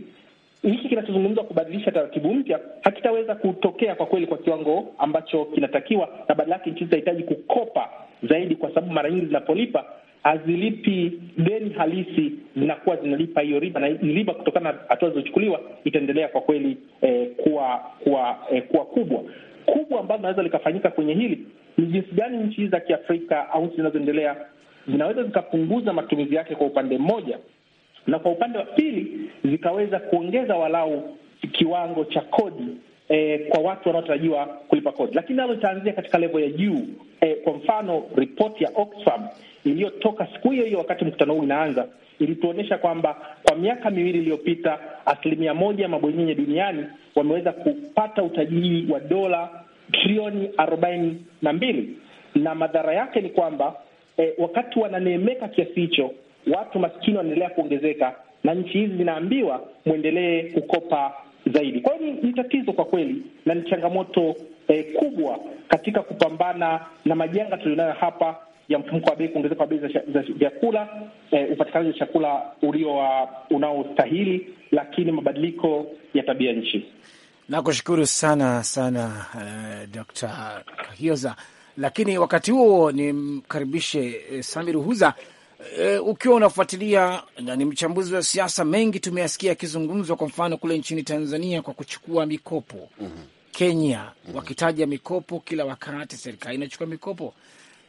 hiki kinachozungumzwa kubadilisha taratibu mpya hakitaweza kutokea kwa kweli kwa kiwango ambacho kinatakiwa, na badala yake nchi zitahitaji kukopa zaidi, kwa sababu mara nyingi zinapolipa hazilipi deni halisi, zinakuwa zinalipa hiyo riba, na riba kutokana na hatua zilizochukuliwa itaendelea kwa kweli eh, kuwa kuwa eh, kuwa kubwa kubwa. Ambalo linaweza likafanyika kwenye hili ni jinsi gani nchi za Kiafrika au nchi zinazoendelea zinaweza zikapunguza matumizi yake kwa upande mmoja, na kwa upande wa pili zikaweza kuongeza walau kiwango cha kodi eh, kwa watu wanaotarajiwa kulipa kodi, lakini nalo litaanzia katika levo ya juu eh, kwa mfano ripoti ya Oxfam iliyotoka siku hiyo hiyo wakati mkutano huu inaanza ilituonyesha kwamba kwa miaka miwili iliyopita asilimia moja ya mabwenyenye duniani wameweza kupata utajiri wa dola trilioni arobaini na mbili na madhara yake ni kwamba eh, wakati wananeemeka kiasi hicho, watu maskini wanaendelea kuongezeka na nchi hizi zinaambiwa mwendelee kukopa zaidi. Kwa hiyo ni tatizo kwa kweli na ni changamoto eh, kubwa katika kupambana na majanga tulionayo hapa ya mfumko wa bei, kuongezeka kwa bei za vyakula, eh, upatikanaji wa chakula ulio unaostahili, lakini mabadiliko ya tabia nchi. Nakushukuru sana sana, uh, eh, Dr. Kahioza. Lakini wakati huo nimkaribishe uh, huza e, ukiwa unafuatilia na ni mchambuzi wa siasa, mengi tumeyasikia akizungumzwa, kwa mfano kule nchini Tanzania kwa kuchukua mikopo mm -hmm. Kenya mm -hmm. wakitaja mikopo kila wakati, serikali inachukua mikopo.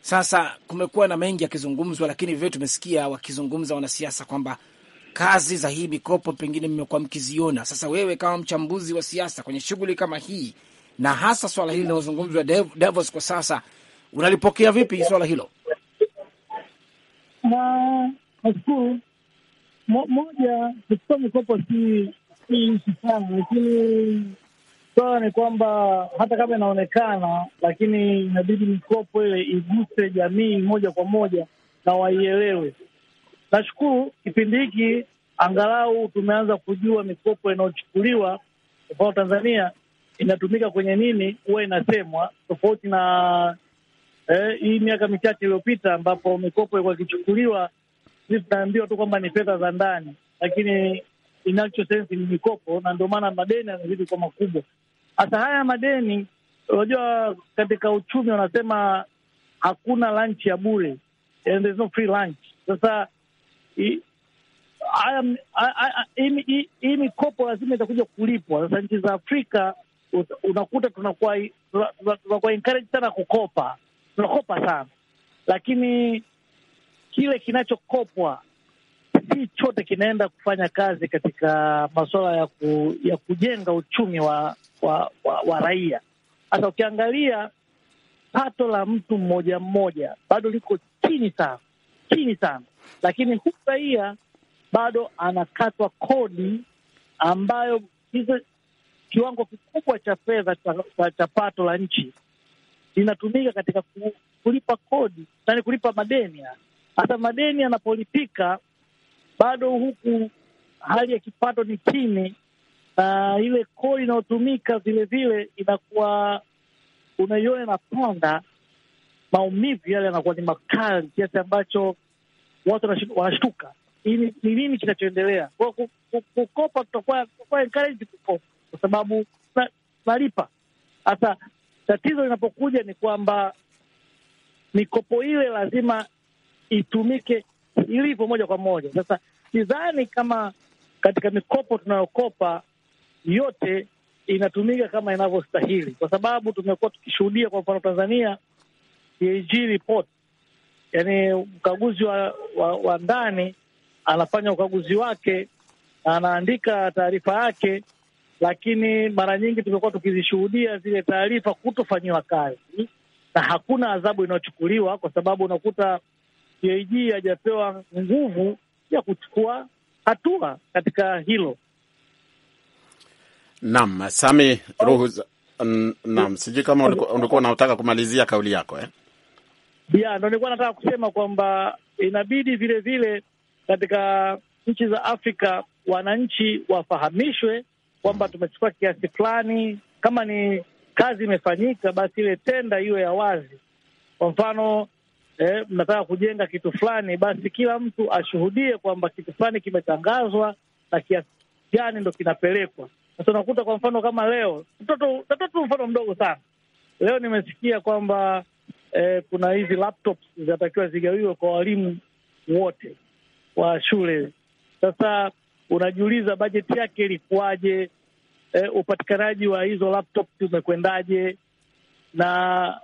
Sasa kumekuwa na mengi yakizungumzwa, lakini vile tumesikia wakizungumza wanasiasa kwamba kazi za hii mikopo pengine mmekuwa mkiziona. Sasa wewe kama mchambuzi wa siasa kwenye shughuli kama hii na hasa swala hili linalozungumzwa Davos kwa sasa, unalipokea vipi swala hilo? na nashukuru moja, kuchukua mikopo si ishi sana, lakini swala ni kwamba hata kama inaonekana, lakini inabidi mikopo ile iguse jamii moja kwa moja na waielewe. Nashukuru kipindi hiki angalau tumeanza kujua mikopo inayochukuliwa, kwa Tanzania inatumika kwenye nini, huwa inasemwa tofauti na eh, hii miaka michache iliyopita ambapo mikopo ilikuwa ikichukuliwa, sisi tunaambiwa tu kwamba ni fedha za ndani, lakini in actual sense ni mikopo, na ndio maana madeni yanazidi kwa makubwa. Hasa haya madeni, unajua katika uchumi wanasema hakuna lunch ya bure, and there's no free lunch. Sasa hii mikopo lazima itakuja kulipwa. Sasa nchi za Afrika unakuta tunakuwa tunakuwa encourage sana kukopa tunakopa sana, lakini kile kinachokopwa si chote kinaenda kufanya kazi katika masuala ya, ku, ya kujenga uchumi wa wa, wa, wa raia. Sasa ukiangalia pato la mtu mmoja mmoja bado liko chini sana, chini sana, lakini huku raia bado anakatwa kodi ambayo hizo kiwango kikubwa cha fedha cha, cha pato la nchi linatumika katika kulipa kodi, nani kulipa madeni. Hasa madeni yanapolipika, bado huku hali ya kipato ni chini, uh, ile kodi inayotumika vilevile inakuwa unaiona inapanda. Maumivu yale yanakuwa ni makali kiasi ambacho watu wanashtuka, ni nini kinachoendelea? kukopa, tutakuwa encourage kukopa kwa sababu nalipa. hasa Tatizo linapokuja ni kwamba mikopo ile lazima itumike ilivyo moja kwa moja. Sasa sidhani kama katika mikopo tunayokopa yote inatumika kama inavyostahili, kwa sababu tumekuwa tukishuhudia, kwa mfano Tanzania, CAG report, yani mkaguzi wa, wa, wa ndani anafanya ukaguzi wake, anaandika taarifa yake lakini mara nyingi tumekuwa tukizishuhudia zile taarifa kutofanyiwa kazi na hakuna adhabu inayochukuliwa, kwa sababu unakuta CAG hajapewa nguvu ya kuchukua hatua katika hilo. Naam, Sami Ruhuza, naam, sijui kama ulikuwa unataka kumalizia kauli yako eh? Ya, ndo nilikuwa nataka kusema kwamba inabidi vile vile katika nchi za Afrika wananchi wafahamishwe kwamba tumechukua kiasi fulani. Kama ni kazi imefanyika, basi ile tenda iwe ya wazi. Kwa mfano eh, mnataka kujenga kitu fulani, basi kila mtu ashuhudie kwamba kitu fulani kimetangazwa na kiasi gani ndo kinapelekwa. Sasa unakuta kwa mfano kama leo, tatoa tu mfano mdogo sana, leo nimesikia kwamba eh, kuna hizi laptops zinatakiwa zigawiwe kwa walimu wote wa shule. Sasa unajiuliza bajeti yake ilikuwaje? eh, upatikanaji wa hizo laptop umekwendaje? na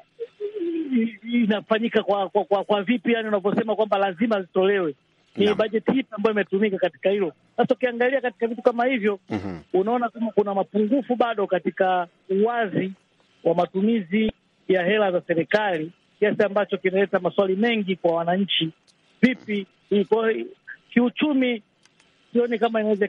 inafanyika kwa kwa, kwa, kwa vipi? Yani unavyosema kwamba lazima zitolewe ni yeah. bajeti hipi ambayo imetumika katika hilo. Sasa ukiangalia katika vitu kama hivyo mm -hmm. unaona kama kuna mapungufu bado katika uwazi wa matumizi ya hela za serikali, kiasi ambacho kinaleta maswali mengi kwa wananchi. Vipi kiuchumi sioni kama inaweza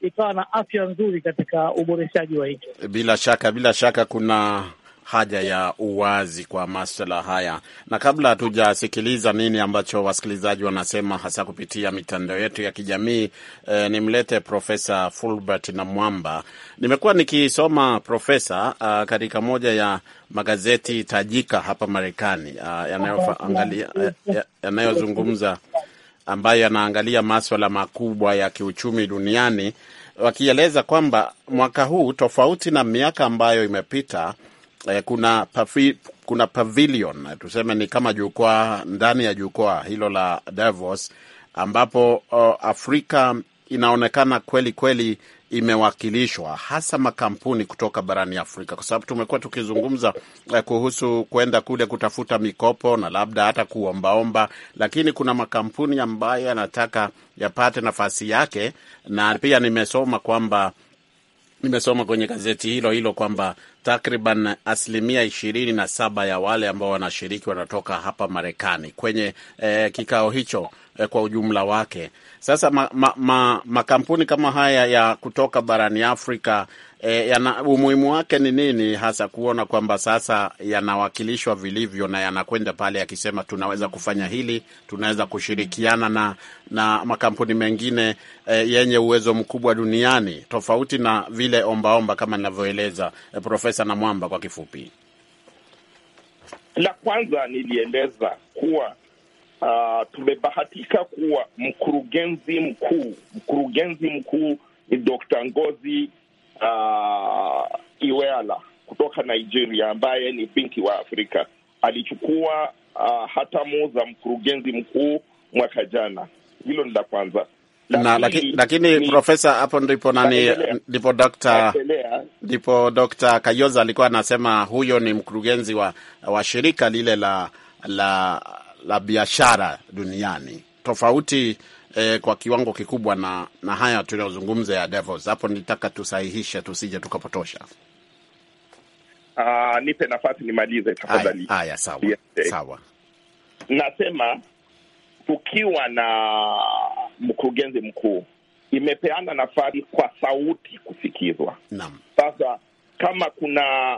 ikawa na afya nzuri katika uboreshaji wa hicho. Bila shaka, bila shaka kuna haja ya uwazi kwa maswala haya, na kabla hatujasikiliza nini ambacho wasikilizaji wanasema hasa kupitia mitandao yetu ya kijamii eh, nimlete Profesa Fulbert na Mwamba. Nimekuwa nikisoma profesa, uh, katika moja ya magazeti tajika hapa Marekani uh, yanayozungumza ambaye anaangalia maswala makubwa ya kiuchumi duniani, wakieleza kwamba mwaka huu tofauti na miaka ambayo imepita eh, kuna pafi, kuna pavilion tuseme ni kama jukwaa ndani ya jukwaa hilo la Davos ambapo oh, Afrika inaonekana kweli kweli imewakilishwa hasa makampuni kutoka barani Afrika, kwa sababu tumekuwa tukizungumza eh, kuhusu kwenda kule kutafuta mikopo na labda hata kuombaomba, lakini kuna makampuni ambayo yanataka yapate nafasi yake, na pia nimesoma kwamba Nimesoma kwenye gazeti hilo hilo kwamba takriban asilimia ishirini na saba ya wale ambao wanashiriki wanatoka hapa Marekani kwenye eh, kikao hicho eh, kwa ujumla wake. Sasa ma, ma, ma, makampuni kama haya ya kutoka barani Afrika e, yana, umuhimu wake ni nini hasa kuona kwamba sasa yanawakilishwa vilivyo na yanakwenda pale yakisema tunaweza kufanya hili, tunaweza kushirikiana na, na makampuni mengine e, yenye uwezo mkubwa duniani tofauti na vile ombaomba omba kama ninavyoeleza e, Profesa Namwamba kwa kifupi. La kwanza nilieleza kuwa uh, tumebahatika kuwa mkurugenzi mkuu mkurugenzi mkuu ni Dr. Ngozi uh, Iweala kutoka Nigeria ambaye ni binti wa Afrika alichukua uh, hatamu za mkurugenzi mkuu mwaka jana. Hilo ni la kwanza. Na, lakini, lakini Profesa, hapo ndipo nani, ndipo Dr. ndipo Dr. Kayoza alikuwa anasema huyo ni mkurugenzi wa, wa shirika lile la la, la biashara duniani tofauti eh, kwa kiwango kikubwa na, na haya tunayozungumza ya devils. Hapo nilitaka tusahihishe, tusije tukapotosha. Uh, nipe nafasi nimalize tafadhali. Haya, sawa, yes, sawa. Nasema tukiwa na mkurugenzi mkuu imepeana nafasi kwa sauti kusikizwa. Naam. Sasa kama kuna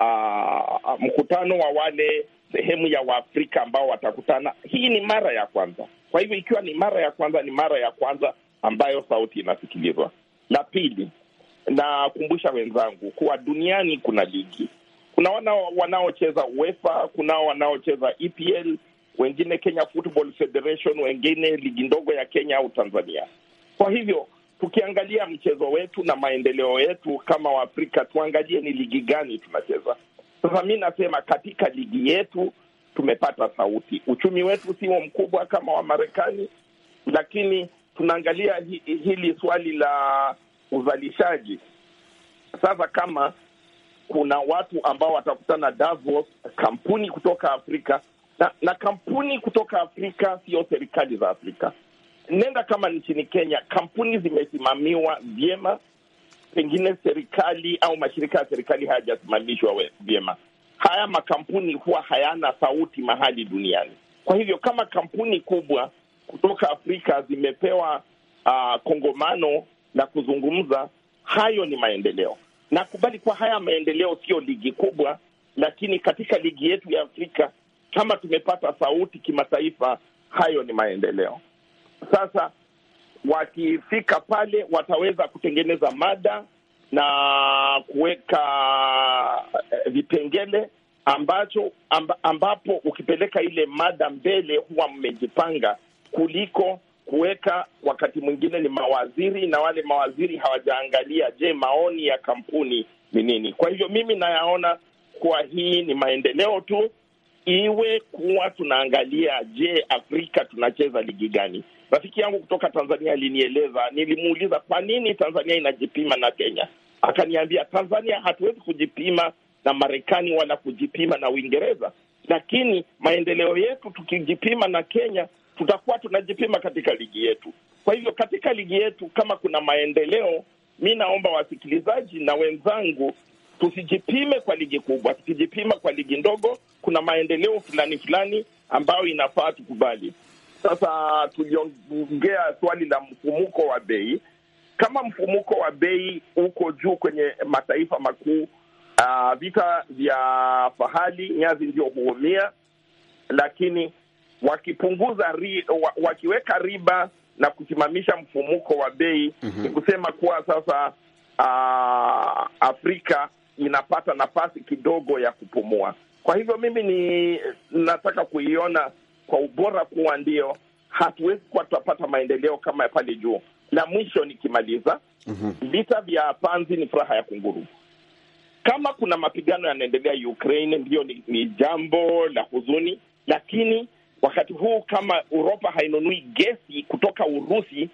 uh, mkutano wa wale sehemu ya Waafrika ambao watakutana, hii ni mara ya kwanza kwa hivyo ikiwa ni mara ya kwanza, ni mara ya kwanza ambayo sauti inasikilizwa. La pili, nakumbusha wenzangu kuwa duniani kuna ligi, kuna wanaocheza UEFA, kunao wanaocheza EPL, wengine Kenya Football Federation, wengine ligi ndogo ya Kenya au Tanzania. Kwa hivyo tukiangalia mchezo wetu na maendeleo yetu kama Waafrika, tuangalie ni ligi gani tunacheza. Sasa mi nasema katika ligi yetu tumepata sauti. Uchumi wetu sio mkubwa kama wa Marekani, lakini tunaangalia hili swali la uzalishaji sasa. Kama kuna watu ambao watakutana Davos, kampuni kutoka Afrika na, na kampuni kutoka Afrika sio serikali za Afrika. Nenda kama nchini Kenya, kampuni zimesimamiwa vyema, pengine serikali au mashirika ya serikali hayajasimamishwa vyema haya makampuni huwa hayana sauti mahali duniani. Kwa hivyo kama kampuni kubwa kutoka Afrika zimepewa uh, kongomano la kuzungumza, hayo ni maendeleo. Nakubali kuwa haya maendeleo sio ligi kubwa, lakini katika ligi yetu ya Afrika kama tumepata sauti kimataifa, hayo ni maendeleo. Sasa wakifika pale wataweza kutengeneza mada na kuweka eh, vipengele ambacho ambapo ukipeleka ile mada mbele huwa mmejipanga kuliko kuweka wakati mwingine ni mawaziri na wale mawaziri hawajaangalia, je, maoni ya kampuni ni nini? Kwa hivyo mimi nayaona kuwa hii ni maendeleo tu, iwe kuwa tunaangalia, je, Afrika tunacheza ligi gani? Rafiki yangu kutoka Tanzania alinieleza, nilimuuliza kwa nini Tanzania inajipima na Kenya akaniambia, Tanzania hatuwezi kujipima na Marekani wala kujipima na Uingereza, lakini maendeleo yetu tukijipima na Kenya tutakuwa tunajipima katika ligi yetu. Kwa hivyo katika ligi yetu kama kuna maendeleo, mi naomba wasikilizaji na wenzangu tusijipime kwa ligi kubwa, tukijipima kwa ligi ndogo, kuna maendeleo fulani fulani ambayo inafaa tukubali. Sasa tuliongea swali la mfumuko wa bei kama mfumuko wa bei uko juu kwenye mataifa makuu, uh, vita vya fahali nyazi ndio huumia, lakini wakipunguza ri, wakiweka riba na kusimamisha mfumuko wa bei mm -hmm. Ni kusema kuwa sasa uh, Afrika inapata nafasi kidogo ya kupumua. Kwa hivyo mimi ni nataka kuiona kwa ubora kuwa ndio hatuwezi kuwa tutapata maendeleo kama pale juu, na mwisho nikimaliza, mm -hmm. vita vya panzi ni furaha ya kunguru. Kama kuna mapigano yanaendelea Ukraine, ndiyo ni, ni jambo la huzuni, lakini wakati huu kama Uropa hainunui gesi kutoka Urusi,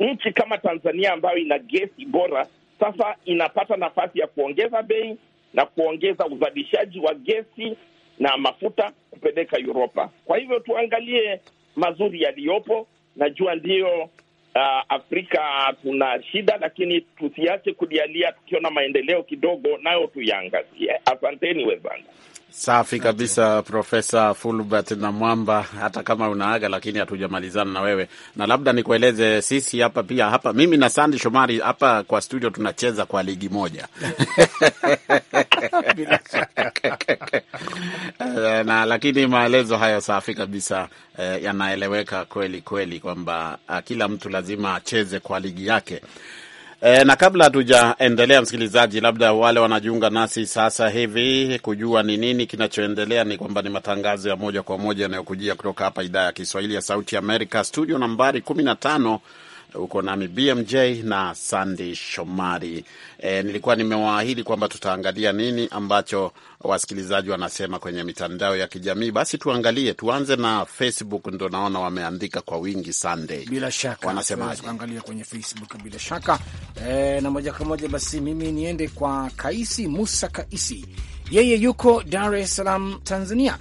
nchi kama Tanzania ambayo ina gesi bora sasa inapata nafasi ya kuongeza bei na kuongeza uzalishaji wa gesi na mafuta kupeleka Uropa. Kwa hivyo tuangalie mazuri yaliyopo, najua ndiyo uh, Afrika tuna shida, lakini tusiache kulialia. Tukiona maendeleo kidogo, nayo tuyaangazie. Asanteni wenzangu. Safi kabisa, Profesa Fulbert na Mwamba, hata kama unaaga, lakini hatujamalizana na wewe, na labda nikueleze sisi hapa pia, hapa mimi na Sandi Shomari hapa kwa studio tunacheza kwa ligi moja Eh, na lakini maelezo hayo safi kabisa eh, yanaeleweka kweli kweli kwamba ah, kila mtu lazima acheze kwa ligi yake. E, na kabla hatujaendelea msikilizaji, labda wale wanajiunga nasi sasa hivi kujua ni nini kinachoendelea, ni kwamba ni matangazo ya moja kwa moja yanayokujia kutoka hapa idhaa ya Kiswahili ya Sauti Amerika, studio nambari kumi na tano Uko nami BMJ na Sandy Shomari. E, nilikuwa nimewaahidi kwamba tutaangalia nini ambacho wasikilizaji wanasema kwenye mitandao ya kijamii. Basi tuangalie, tuanze na Facebook. Ndo naona wameandika kwa wingi Sunday, bila shaka wanasemaje? kwenye Facebook bila shaka e, na moja kwa moja basi mimi niende kwa Kaisi Musa Kaisi, yeye yuko Dar es Salaam, Tanzania.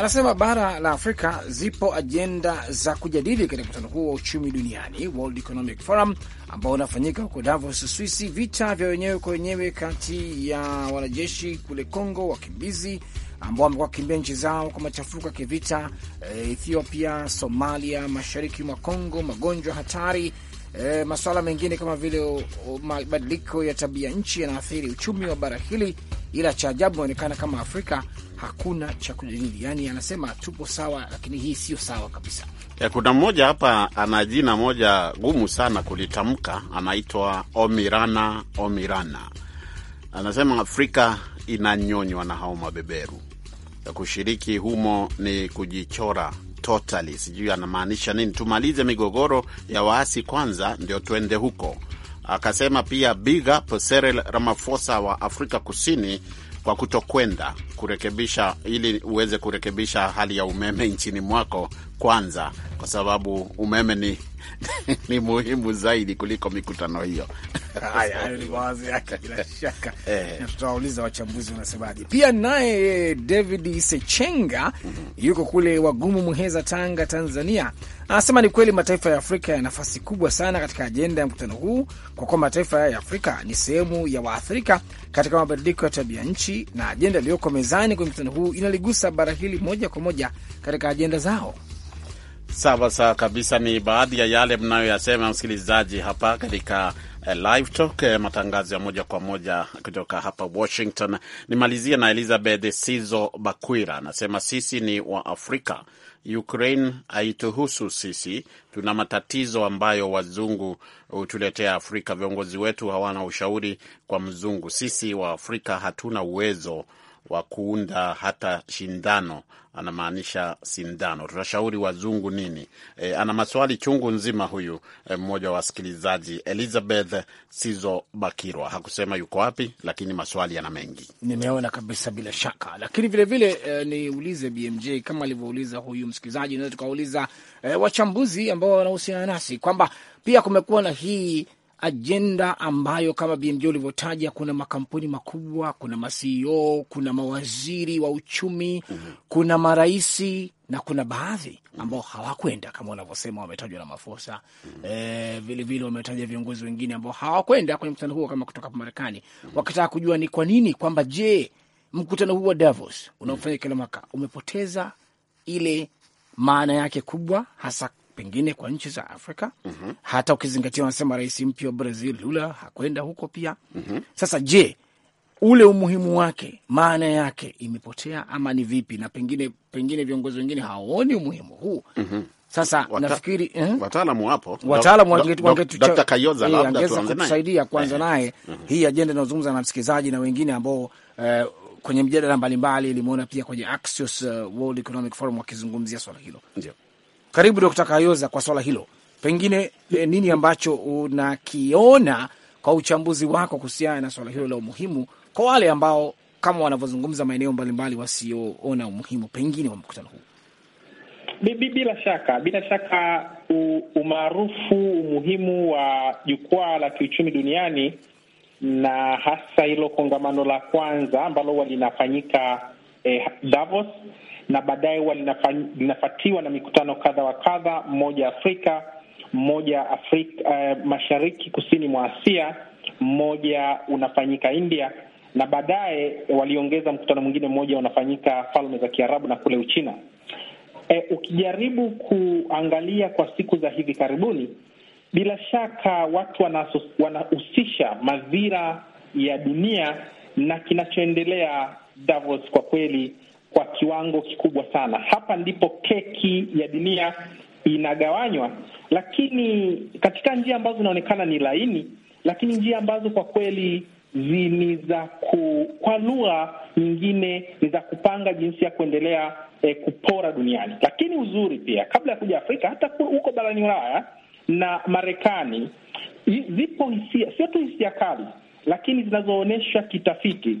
Anasema bara la Afrika zipo ajenda za kujadili katika mkutano huo wa uchumi duniani, World Economic Forum, ambao unafanyika huko Davos, Uswisi. Vita vya wenyewe kwa wenyewe kati ya wanajeshi kule congo wakimbizi ambao wamekuwa wakimbia nchi zao kwa machafuko ya kivita eh, Ethiopia, Somalia, mashariki mwa congo magonjwa hatari E, masuala mengine kama vile mabadiliko ya tabia nchi yanaathiri uchumi wa bara hili, ila cha ajabu inaonekana kama Afrika hakuna cha kujadili. Yani anasema tupo sawa, lakini hii sio sawa kabisa. Ya, kuna mmoja hapa ana jina moja gumu sana kulitamka, anaitwa Omirana Omirana, anasema Afrika inanyonywa na hao mabeberu, kushiriki humo ni kujichora totally. Sijui anamaanisha nini. Tumalize migogoro ya waasi kwanza, ndio tuende huko. Akasema pia big up Cyril Ramaphosa wa Afrika Kusini kwa kutokwenda kurekebisha, ili uweze kurekebisha hali ya umeme nchini mwako kwanza, kwa sababu umeme ni ni muhimu zaidi kuliko mikutano hiyo. Haya, hayo ni mawazo yake bila shaka eh. na tutawauliza wachambuzi wanasemaje. Pia naye eh, David Sechenga mhm. yuko kule Wagumu, Muheza, Tanga, Tanzania, anasema ni kweli mataifa ya Afrika yana nafasi kubwa sana katika ajenda ya mkutano huu, kwa kuwa mataifa ya Afrika ni sehemu ya waathirika katika mabadiliko ya tabia nchi, na ajenda iliyoko mezani kwenye mkutano huu inaligusa bara hili moja kwa moja katika ajenda zao. Sawa sawa kabisa, ni baadhi ya yale mnayoyasema msikilizaji, hapa katika eh, Live Talk, eh, matangazo ya moja kwa moja kutoka hapa Washington. Nimalizie na Elizabeth Sizo Bakwira, anasema sisi ni wa Afrika, Ukraine haituhusu sisi, tuna matatizo ambayo wazungu hutuletea Afrika. Viongozi wetu hawana ushauri kwa mzungu, sisi wa Afrika hatuna uwezo wa kuunda hata shindano anamaanisha sindano. Tutashauri wazungu nini? E, ana maswali chungu nzima huyu e, mmoja e, wa wasikilizaji Elizabeth Sizo Bakirwa hakusema yuko wapi, lakini maswali yana mengi, nimeona kabisa, bila shaka. Lakini vilevile vile, e, niulize BMJ kama alivyouliza huyu msikilizaji, naweza tukauliza e, wachambuzi ambao wanahusiana nasi kwamba pia kumekuwa na hii ajenda ambayo kama BMJ ulivyotaja, kuna makampuni makubwa, kuna maceo, kuna mawaziri wa uchumi mm -hmm. kuna maraisi na kuna baadhi ambao hawakwenda kama wanavyosema, wametajwa na mafosa vilevile. Mhm. Eh, mm -hmm. E, wametaja viongozi wengine ambao hawakwenda kwenye mkutano huo kama kutoka Marekani. mm -hmm. wakitaka kujua ni kwa nini kwamba, je, mkutano huu wa Davos unaofanya kila mwaka umepoteza ile maana yake kubwa hasa pengine kwa nchi za Afrika mm -hmm. hata ukizingatia wanasema rais mpya wa Brazil Lula hakwenda huko pia mm -hmm. Sasa je, ule umuhimu wake, maana yake imepotea ama ni vipi? Na pengine pengine viongozi wengine hawaoni umuhimu huu mm -hmm. Sasa Wata, nafikiri eh? wataalamu wapo, wataalamu eh, angeweza kutusaidia kwanza eh. naye mm -hmm. hii ajenda inayozungumza na msikilizaji na wengine ambao uh, kwenye mjadala mbalimbali ilimwona pia kwenye Axios, uh, World Economic Forum wakizungumzia swala hilo ndio. Karibu Dokta Kayoza kwa swala hilo, pengine e, nini ambacho unakiona kwa uchambuzi wako kuhusiana na swala hilo la umuhimu kwa wale ambao kama wanavyozungumza maeneo mbalimbali wasioona umuhimu pengine wa mkutano huu? Bila shaka, bila shaka umaarufu, umuhimu wa jukwaa la kiuchumi duniani na hasa hilo kongamano la kwanza ambalo huwa linafanyika eh, Davos na baadaye huwa linafatiwa na mikutano kadha wa kadha, mmoja Afrika, mmoja Afrika uh, eh, mashariki kusini mwa Asia, mmoja unafanyika India na baadaye waliongeza mkutano mwingine mmoja unafanyika Falme za Kiarabu na kule Uchina. E, ukijaribu kuangalia kwa siku za hivi karibuni, bila shaka watu wanahusisha madhira ya dunia na kinachoendelea Davos. Kwa kweli kwa kiwango kikubwa sana. Hapa ndipo keki ya dunia inagawanywa, lakini katika njia ambazo zinaonekana ni laini, lakini njia ambazo kwa kweli ni za ku, kwa lugha nyingine ni za kupanga jinsi ya kuendelea eh, kupora duniani. Lakini uzuri pia, kabla ya kuja Afrika, hata huko barani Ulaya na Marekani zipo hisia, sio tu hisia kali, lakini zinazoonyesha kitafiti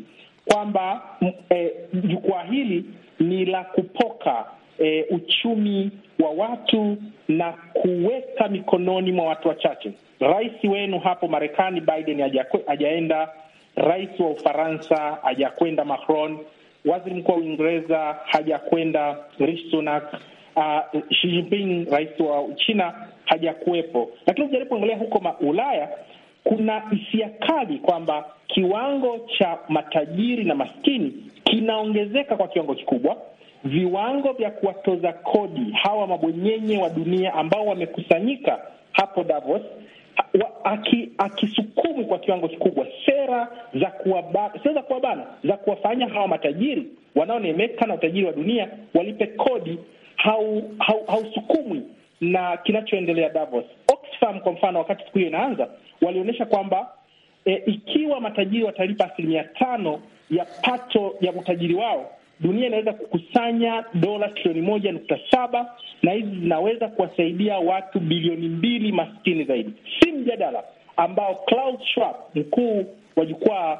kwamba eh, jukwaa hili ni la kupoka eh, uchumi wa watu na kuweka mikononi mwa watu wachache. Rais wenu hapo Marekani Biden hajaenda, rais wa Ufaransa hajakwenda Macron, waziri mkuu wa Uingereza hajakwenda Rishi Sunak, uh, Xi Jinping rais wa China hajakuwepo. Lakini ujaribu kuangalia huko Ulaya kuna hisia kali kwamba kiwango cha matajiri na maskini kinaongezeka kwa kiwango kikubwa. Viwango vya kuwatoza kodi hawa mabwenyenye wa dunia ambao wamekusanyika hapo Davos akisukumu aki kwa kiwango kikubwa sera za kuwabana, sera za kuwabana za kuwafanya hawa matajiri wanaonemeka na utajiri wa dunia walipe kodi hausukumwi hau, hau na kinachoendelea Davos. Oxfam kwa mfano, wakati siku hiyo inaanza walionyesha kwamba e, ikiwa matajiri watalipa asilimia tano ya pato ya utajiri wao, dunia inaweza kukusanya dola trilioni moja nukta saba na hizi zinaweza kuwasaidia watu bilioni mbili maskini zaidi. Si mjadala ambao Klaus Schwab, mkuu wa jukwaa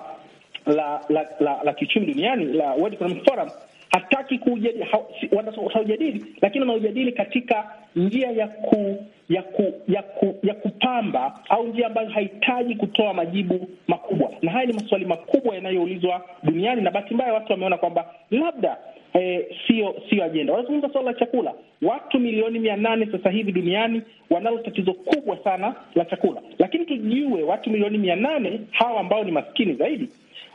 la la, la, la kiuchumi duniani la World Economic Forum hataki kuujadili, wataujadili lakini wanaujadili katika njia ya ku, ya ku, ya ku, ya kupamba au njia ambayo hahitaji kutoa majibu makubwa, na haya ni maswali makubwa yanayoulizwa duniani, na bahati mbaya watu wameona kwamba labda eh, sio sio ajenda. Wanazungumza suala la chakula. Watu milioni mia nane sasa hivi duniani wanalo tatizo kubwa sana la chakula, lakini tujue watu milioni mia nane hawa ambao ni maskini zaidi,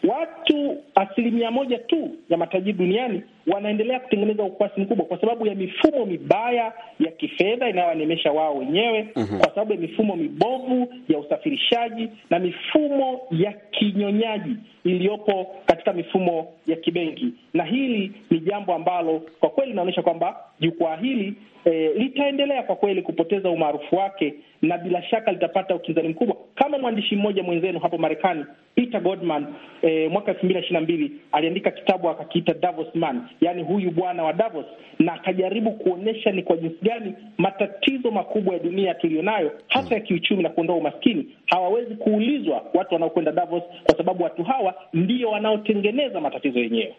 watu asilimia moja tu ya matajiri duniani wanaendelea kutengeneza ukwasi mkubwa kwa sababu ya mifumo mibaya ya kifedha inayowanemesha wao wenyewe, mhm. kwa sababu ya mifumo mibovu ya usafirishaji na mifumo ya kinyonyaji iliyopo katika mifumo ya kibenki, na hili ni jambo ambalo kwa kweli linaonyesha kwamba jukwaa hili e, litaendelea kwa kweli kupoteza umaarufu wake na bila shaka litapata ukinzani mkubwa, kama mwandishi mmoja mwenzenu hapo Marekani Peter Godman e, mwaka elfu mbili na ishirini na mbili aliandika kitabu akakiita Davos Man, yaani huyu bwana wa Davos, na akajaribu kuonyesha ni kwa jinsi gani matatizo makubwa ya dunia tuliyonayo hasa ya kiuchumi na kuondoa umaskini hawawezi kuulizwa watu wanaokwenda Davos, kwa sababu watu hawa ndio wanaotengeneza matatizo yenyewe.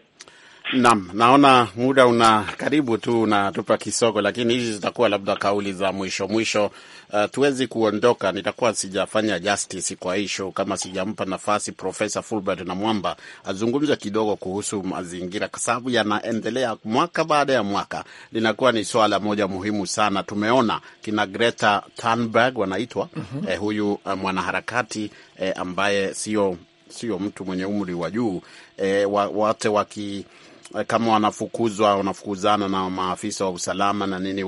Naam, naona muda una karibu tu unatupa kisogo, lakini hizi zitakuwa labda kauli za mwisho mwisho. Uh, tuwezi kuondoka, nitakuwa sijafanya justice kwa hisho kama sijampa nafasi Profesa Fulbert na Mwamba azungumze kidogo kuhusu mazingira, kwa sababu yanaendelea mwaka baada ya mwaka, linakuwa ni swala moja muhimu sana. Tumeona kina Greta Thunberg wanaitwa, mm -hmm. eh, huyu eh, mwanaharakati eh, ambaye sio sio mtu mwenye umri wa juu eh, wote waki Eh, kama wanafukuzwa, wanafukuzana na maafisa wa usalama na nini,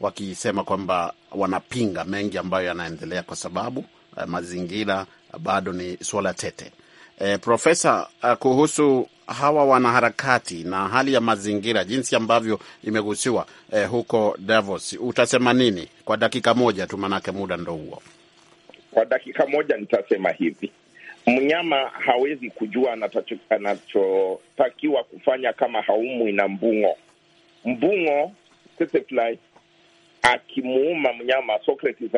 wakisema waki kwamba wanapinga mengi ambayo yanaendelea kwa sababu eh, mazingira bado ni suala tete. E, eh, Profesa, kuhusu hawa wanaharakati na hali ya mazingira jinsi ambavyo imegusiwa e, huko Davos, utasema nini kwa dakika moja tu, manake muda ndo huo. Kwa dakika moja nitasema hivi mnyama hawezi kujua anachotakiwa kufanya kama haumwi na mbung'o. Mbung'o akimuuma mnyama, Socrates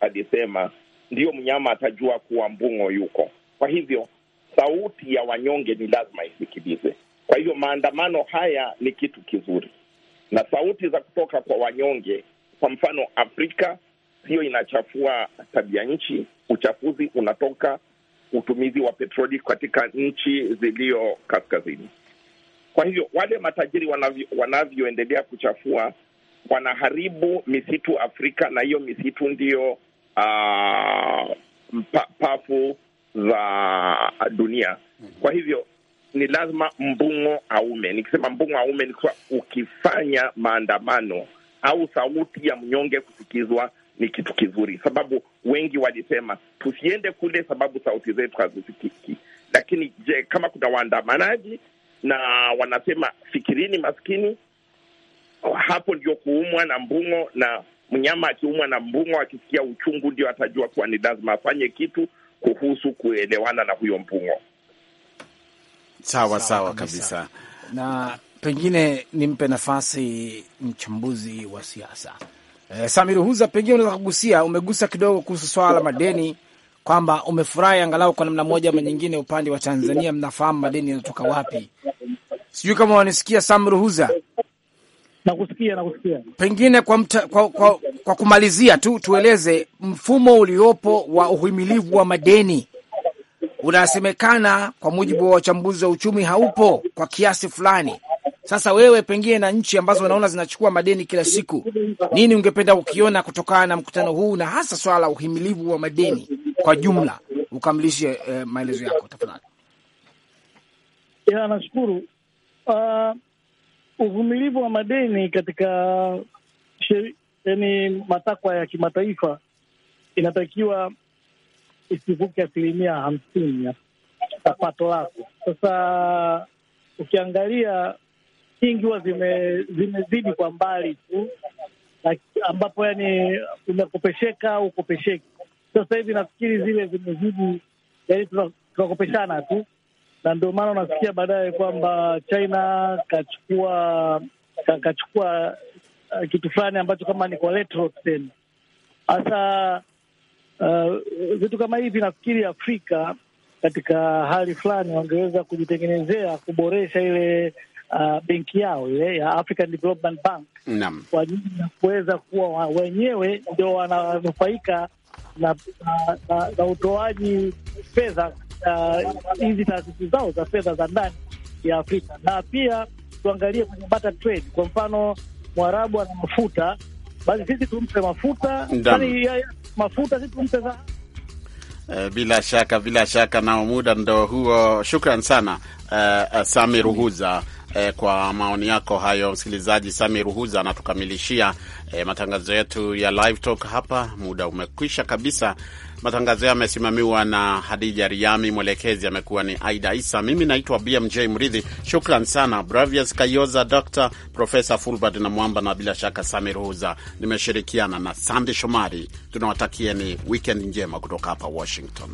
alisema ndiyo mnyama atajua kuwa mbung'o yuko. Kwa hivyo sauti ya wanyonge ni lazima isikilize. Kwa hivyo maandamano haya ni kitu kizuri, na sauti za kutoka kwa wanyonge, kwa mfano Afrika, siyo inachafua tabia nchi. Uchafuzi unatoka utumizi wa petroli katika nchi ziliyo kaskazini. Kwa hivyo wale matajiri wanavyo, wanavyoendelea kuchafua wanaharibu misitu Afrika, na hiyo misitu ndiyo uh, ah, pafu za dunia. Kwa hivyo ni lazima mbung'o aume. Nikisema mbung'o aume ni kuwa ukifanya maandamano au sauti ya mnyonge kusikizwa ni kitu kizuri, sababu wengi walisema tusiende kule, sababu sauti zetu hazisikiki. Lakini je, kama kuna waandamanaji na wanasema fikirini maskini, hapo ndio kuumwa na mbung'o, na mnyama akiumwa na mbung'o akisikia uchungu ndio atajua kuwa ni lazima afanye kitu kuhusu kuelewana na huyo mbung'o. Sawa sawa kabisa, na pengine nimpe nafasi mchambuzi wa siasa Eh, Samir Huza, pengine unaweza kugusia, umegusa kidogo kuhusu swala la madeni kwamba umefurahi angalau kwa namna moja ama nyingine, upande wa Tanzania mnafahamu madeni yanatoka wapi. Sijui kama wanisikia Samir Huza. Nakusikia, nakusikia. Pengine kwa, mta, kwa, kwa, kwa kumalizia tu tueleze mfumo uliopo wa uhimilivu wa madeni unasemekana, kwa mujibu wa wachambuzi wa uchumi, haupo kwa kiasi fulani. Sasa wewe pengine na nchi ambazo unaona zinachukua madeni kila siku, nini ungependa ukiona kutokana na mkutano huu na hasa swala la uhimilivu wa madeni kwa jumla? Ukamilishe eh, maelezo yako tafadhali. Ya, nashukuru. Uh, ah, uvumilivu wa madeni katika matakwa ya kimataifa inatakiwa isivuke asilimia hamsini ya pato lako. Sasa ukiangalia nyingi huwa zime, zimezidi kwa mbali tu, ambapo yani unakopesheka au ukopesheki. Sasa hivi nafikiri zile zimezidi, yani tunakopeshana tu, na ndio maana unasikia baadaye kwamba China kachukua kachukua uh, kitu fulani ambacho kama ni collateral tena hasa uh, vitu kama hivi nafikiri Afrika katika hali fulani wangeweza kujitengenezea kuboresha ile uh, benki yao ile ya African Development Bank kwa ajili ya kuweza kuwa wenyewe ndio wananufaika na, na, na, na utoaji fedha uh, hizi uh, taasisi zao za fedha za ndani ya Afrika. Na pia tuangalie kwenye barter trade, kwa mfano Mwarabu ana mafuta, basi sisi tumpe mafuta, yaani mafuta sisi tumpe za eh, bila shaka bila shaka, nao muda ndo huo. Shukran sana uh, Sami Ruhuza eh, kwa maoni yako hayo, msikilizaji. Sami Ruhuza anatukamilishia eh, matangazo yetu ya Live Talk hapa. Muda umekwisha kabisa. Matangazo hayo yamesimamiwa na Hadija Riami, mwelekezi amekuwa ni Aida Isa, mimi naitwa BMJ Mridhi. Shukran sana Bravias Kayoza, Dr Profesa Fulbert na Mwamba, na bila shaka Sami Ruhuza. Nimeshirikiana na Sande Shomari. Tunawatakieni wikend njema kutoka hapa Washington.